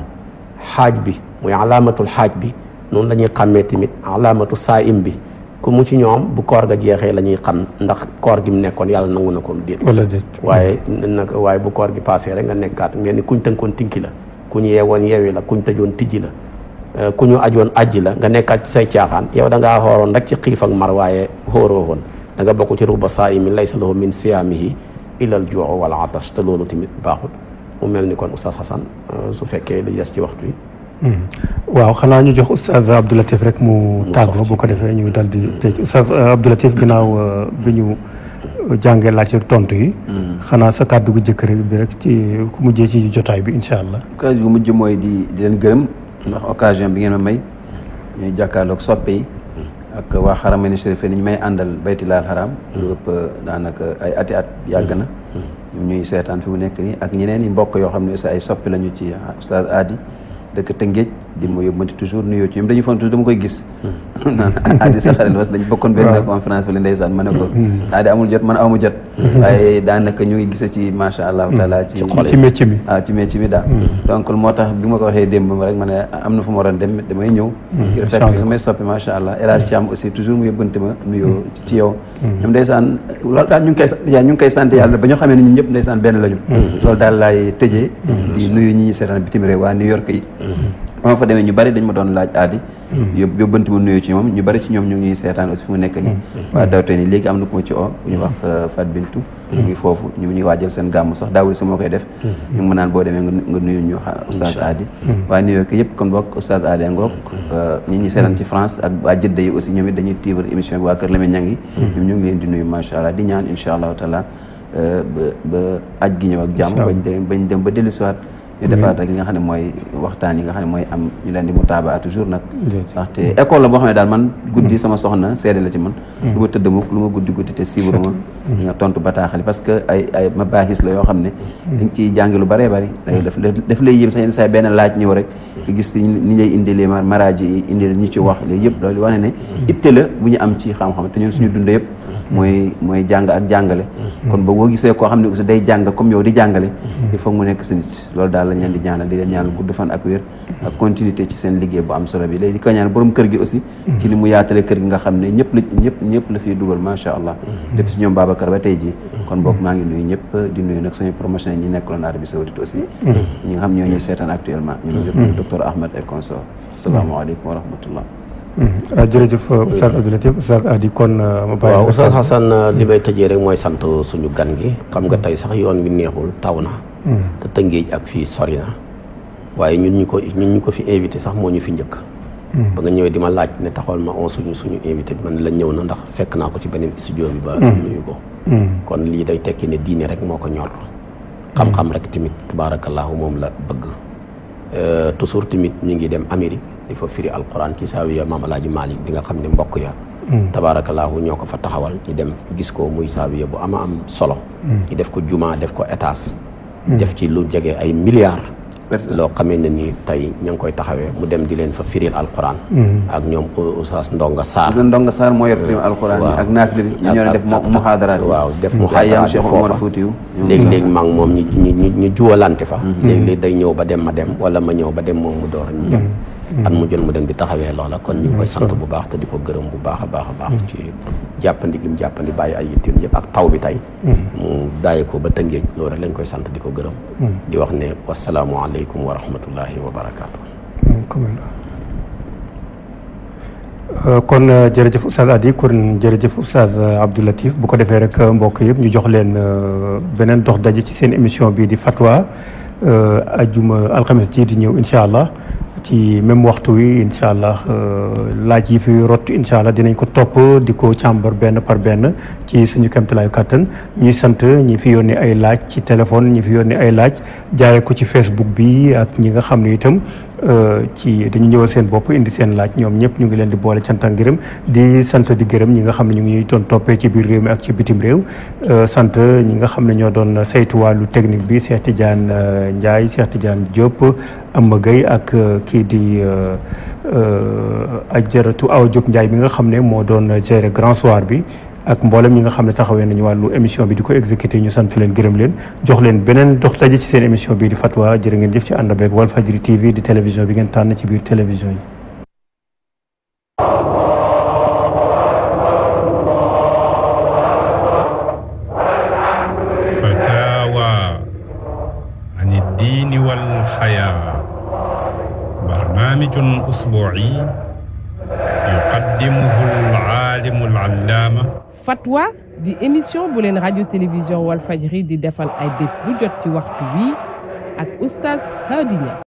Speaker 2: xaaj bi muy alaamatul xaaj bi noonu la ñuy xamee tamit alaamatu saa'im bi ku mu ci ñoom bu koor ga jeexee la ñuy xam ndax koor gi mu nekkoon yàlla nangu na ko déet wala déet waaye nag waaye bu koor gi paasee rek nga nekkaat mel ni kuñ tënkoon tinki la kuñ yeewoon yeewi la kuñ tëjoon tijji la Eh, ku ñu ajoon aji la nga nekkaat ci say caaxaan yow da ngaa xooroon rek ci xiif ak mar waaye xooroo woon da nga bokk ci ruba saa'imin laysa lahu min siyaamihi ilal juu wal atash te loolu ni kon oustaz Hassan eh, su fekkee li des ci waxtu yi.
Speaker 1: Hmm. waaw xanaa ñu jox oustaz Abdoulatif rek mu tàggoo bu ko defee ñu dal di hmm. tëj oustaz eh, Abdoulatif ginnaaw bi ñu jàngee laaj ak tontu yi. Hmm. xanaa sa kàddu gu jëkk rek bi rek ci ku mujjee ci jotaay bi incha allah.
Speaker 4: kàddu
Speaker 3: gu mujj mooy di di leen gërëm. ndax occasion bi ngeen ma may ñuy jàkkaarloog soppe yi ak waa xaramani sharife ni ñu may àndal baytilaal xaram lu ëpp euh, daanaka ay ati at yàgg na mm. ñuy seetaan fi mu nekk nii ak ñeneen i mbokk yoo xam ne aussi ay soppi lañu ci ah, oustaz aadi dëkk Tëngéej di ma yóbbante toujours nuyoo ci ñoom dañu foog toujours dama koy hmm. ah, hmm. hmm. ñu ngi ci macha allahu taala ci ci moo tax bi ma ko waxee démb rek ma ne am na ma waroon dem damay ñëw ngir fekk samay soppi macha allah El Hadj Thiam aussi toujours mu yóbbante ma nuyoo ñu ngi koy sant yàlla ba ñu xamee ñëpp ndeysaan benn lañu loolu daal laay tëjee di nuyu New York yi ba ma fa demee ñu bari dañ ma doon laaj aadi yób yóbbanti ma nuyoo ci moom ñu bari ci ñoom ñu ngi seetaan aussi fi mu nekk nii waa dawtee ni léegi am na ko ma ci oo bu ñu wax euh, Fat Bintu ñu ngi foofu ñu waajal seen gàmm sax daawul si moo koy def ñu ngi ma naan demee nga nuyu ñu oustaz aadi waa New York yëpp ko bokk oustaz aadi ngoog euh, ñi ñi seetaan ci France ak waa Jidda yi aussi ñoom dañuy tiibar émission bi waa Kër Lamine Ñang yi ñoom ñu ngi leen di nuyu macha allah di ñaan incha allahu taala euh, ba ba aj gi ñëw ak jàmm bañ dem bañ dem ba dellusiwaat ñu defaat rek li nga xam ne mooy waxtaan yi nga xam ne mooy am ñu leen di mu taabaa toujours nag
Speaker 1: ndaxte école la boo xam ne
Speaker 3: daal man guddi mm. sama soxna seede la ci man lu mm. ma tëdd mukk lu ma guddi guddi te siiwru ma li nga tontu bataaxali parce que ay ay ma baaxis la yoo xam ne mm. dañ ciy jàngi lu bëree bëri daf lay yëm sax yenn saa benn laaj ñëw rek nga gis ni lay indilee maraaji yi indilee ñu ci wax loolu yëpp loolu wane ne itte la bu ñu am ci xam-xam te ñun suñu dund yëpp mooy mm-hmm. mooy jàng ak jàngale mm-hmm. kon boo boo gisee koo xam ne aussi day jàng comme yow di jàngale mm-hmm. il faut mu nekk sa nit loolu daal a leen di ñaanal di leen ñaanal gudd fan ak wér ak continuité ci seen liggéey bu am solo bi léegi di ko ñaan borom kër gi aussi ci li mu yaatale kër nga xam ne ñëpp la ñëpp ñëpp la fiy dugal macha allah depuis ñoom Babacar ba tey ji kon bokk maa ngi nuyu ñëpp di nuyu nag suñu promotion ñi nekkaloon Arabie Saoudite aussi ñi nga xam ñoo ñuy seetaan actuellement ñu ngi docteur Ahmed El Consor asalaamaaleykum wa
Speaker 1: Mm-hmm. Uh, jërëjëf uh, Oustaz Abdou Latif Oustaz kon uh, ma bàyyi
Speaker 2: Hassan li may mm-hmm. tëjee rek mooy sant suñu gan gi xam nga mm-hmm. tey sax yoon wi neexul taw na te Tëngéej ak fii sori na waaye ñun ñu ko ñu ko fi invité sax moo ñu fi njëkk ba nga ñëwee di ma laaj ne taxawal ma on suñu suñu invité bi man la ñëw na ndax fekk naa ko ci beneen studio bi ba nuyu ko kon lii day tekki ne diine rek moo ko ñor xam-xam rek tamit tabaarakallaahu moom la bëgg toujours tamit ñu ngi dem Amérique di fa firi alquran ci saawiya maam alaaji Malick bi nga xam ne mbokk ya mm. tabaarakallaahu ñoo ko fa taxawal ñu dem gis ko muy saawiya bu ama am solo ñu mm. def ko juma def ko étage mm. def ci lu jege ay milliards loo xamee ne ni tey ña ngi koy taxawee mu dem di leen fa firil alquran ak ñoom oustaz Ndonga Sarr Ndonga Sarr moo yor euh, fi alquran ak naafile bi ñoo def muhaadaraat waaw def muhaadaraat foofa léeg-léeg maa ngi moom ñu ñu ñu juwalante fa mm-hmm. léeg-léeg day ñëw ba dem ma dem wala ma ñëw ba dem moom mu door ñu dem at mu jël mu dem di taxawee la kon ñu ngi koy sant bu baax te di ko gërëm bu baax a baax a baax ci jàppandi gi mu jàppandi bàyyi ay yitteem yëpp ak taw bi tey mu bàyyi ko ba tëngeej loolu lañ koy sant di ko gërëm di wax ne wasalaamu aleykum wa rahmatullahi wa barakaatu
Speaker 1: euh, euh, kon jërëjëf Oustaz Hady kon jërëjëf Oustaz Abdou Latif bu ko defee rek euh, mbokk yëpp ñu jox leen beneen dox daje ci seen émission bii di fatwa ajuma alxames ji di ñëw incha allah ci même waxtu wi incha allah euh, laaj yi fi rot incha allah dinañ ko topp di ko càmbar benn par benn ci suñu kemtalaayu kàttan ñuy sant ñi fi yónnee ay laaj ci téléphone ñi fi yónnee ay laaj jaaree ko ci Facebook bi ak ñi nga xam ne itam Euh, ci dañu ñëwal seen bopp indi seen laaj ñoom ñëpp ñu ngi leen di boole cant ak di sant di gërëm ñi nga xam ne ñu ngi ñuy doon toppee ci biir réew ak ci bitim réew euh, sant ñi nga xam ne ñoo doon saytu wàllu technique bi Cheikh Tidiane euh, Ndiaye Cheikh Tidiane jóop Amma Gueye ak kii di Ajaratu Awa Diop njaay bi nga xam ne moo doon gérer grand soir bi ak mboolem ñi nga xam ne taxawee nañu wàllu émission bi di ko exécuté ñu sant leen gërëm leen jox leen beneen dox daje ci seen émission bii di fatwa jërë ngeen jëf ci ànd beeg Walfadjri TV di télévision bi ngeen tànn ci biir télévision yi.
Speaker 2: fatwa di émission bu leen rajo télévision Walfadjri di defal ay bés bu jot ci waxtu wi ak oustaz Hady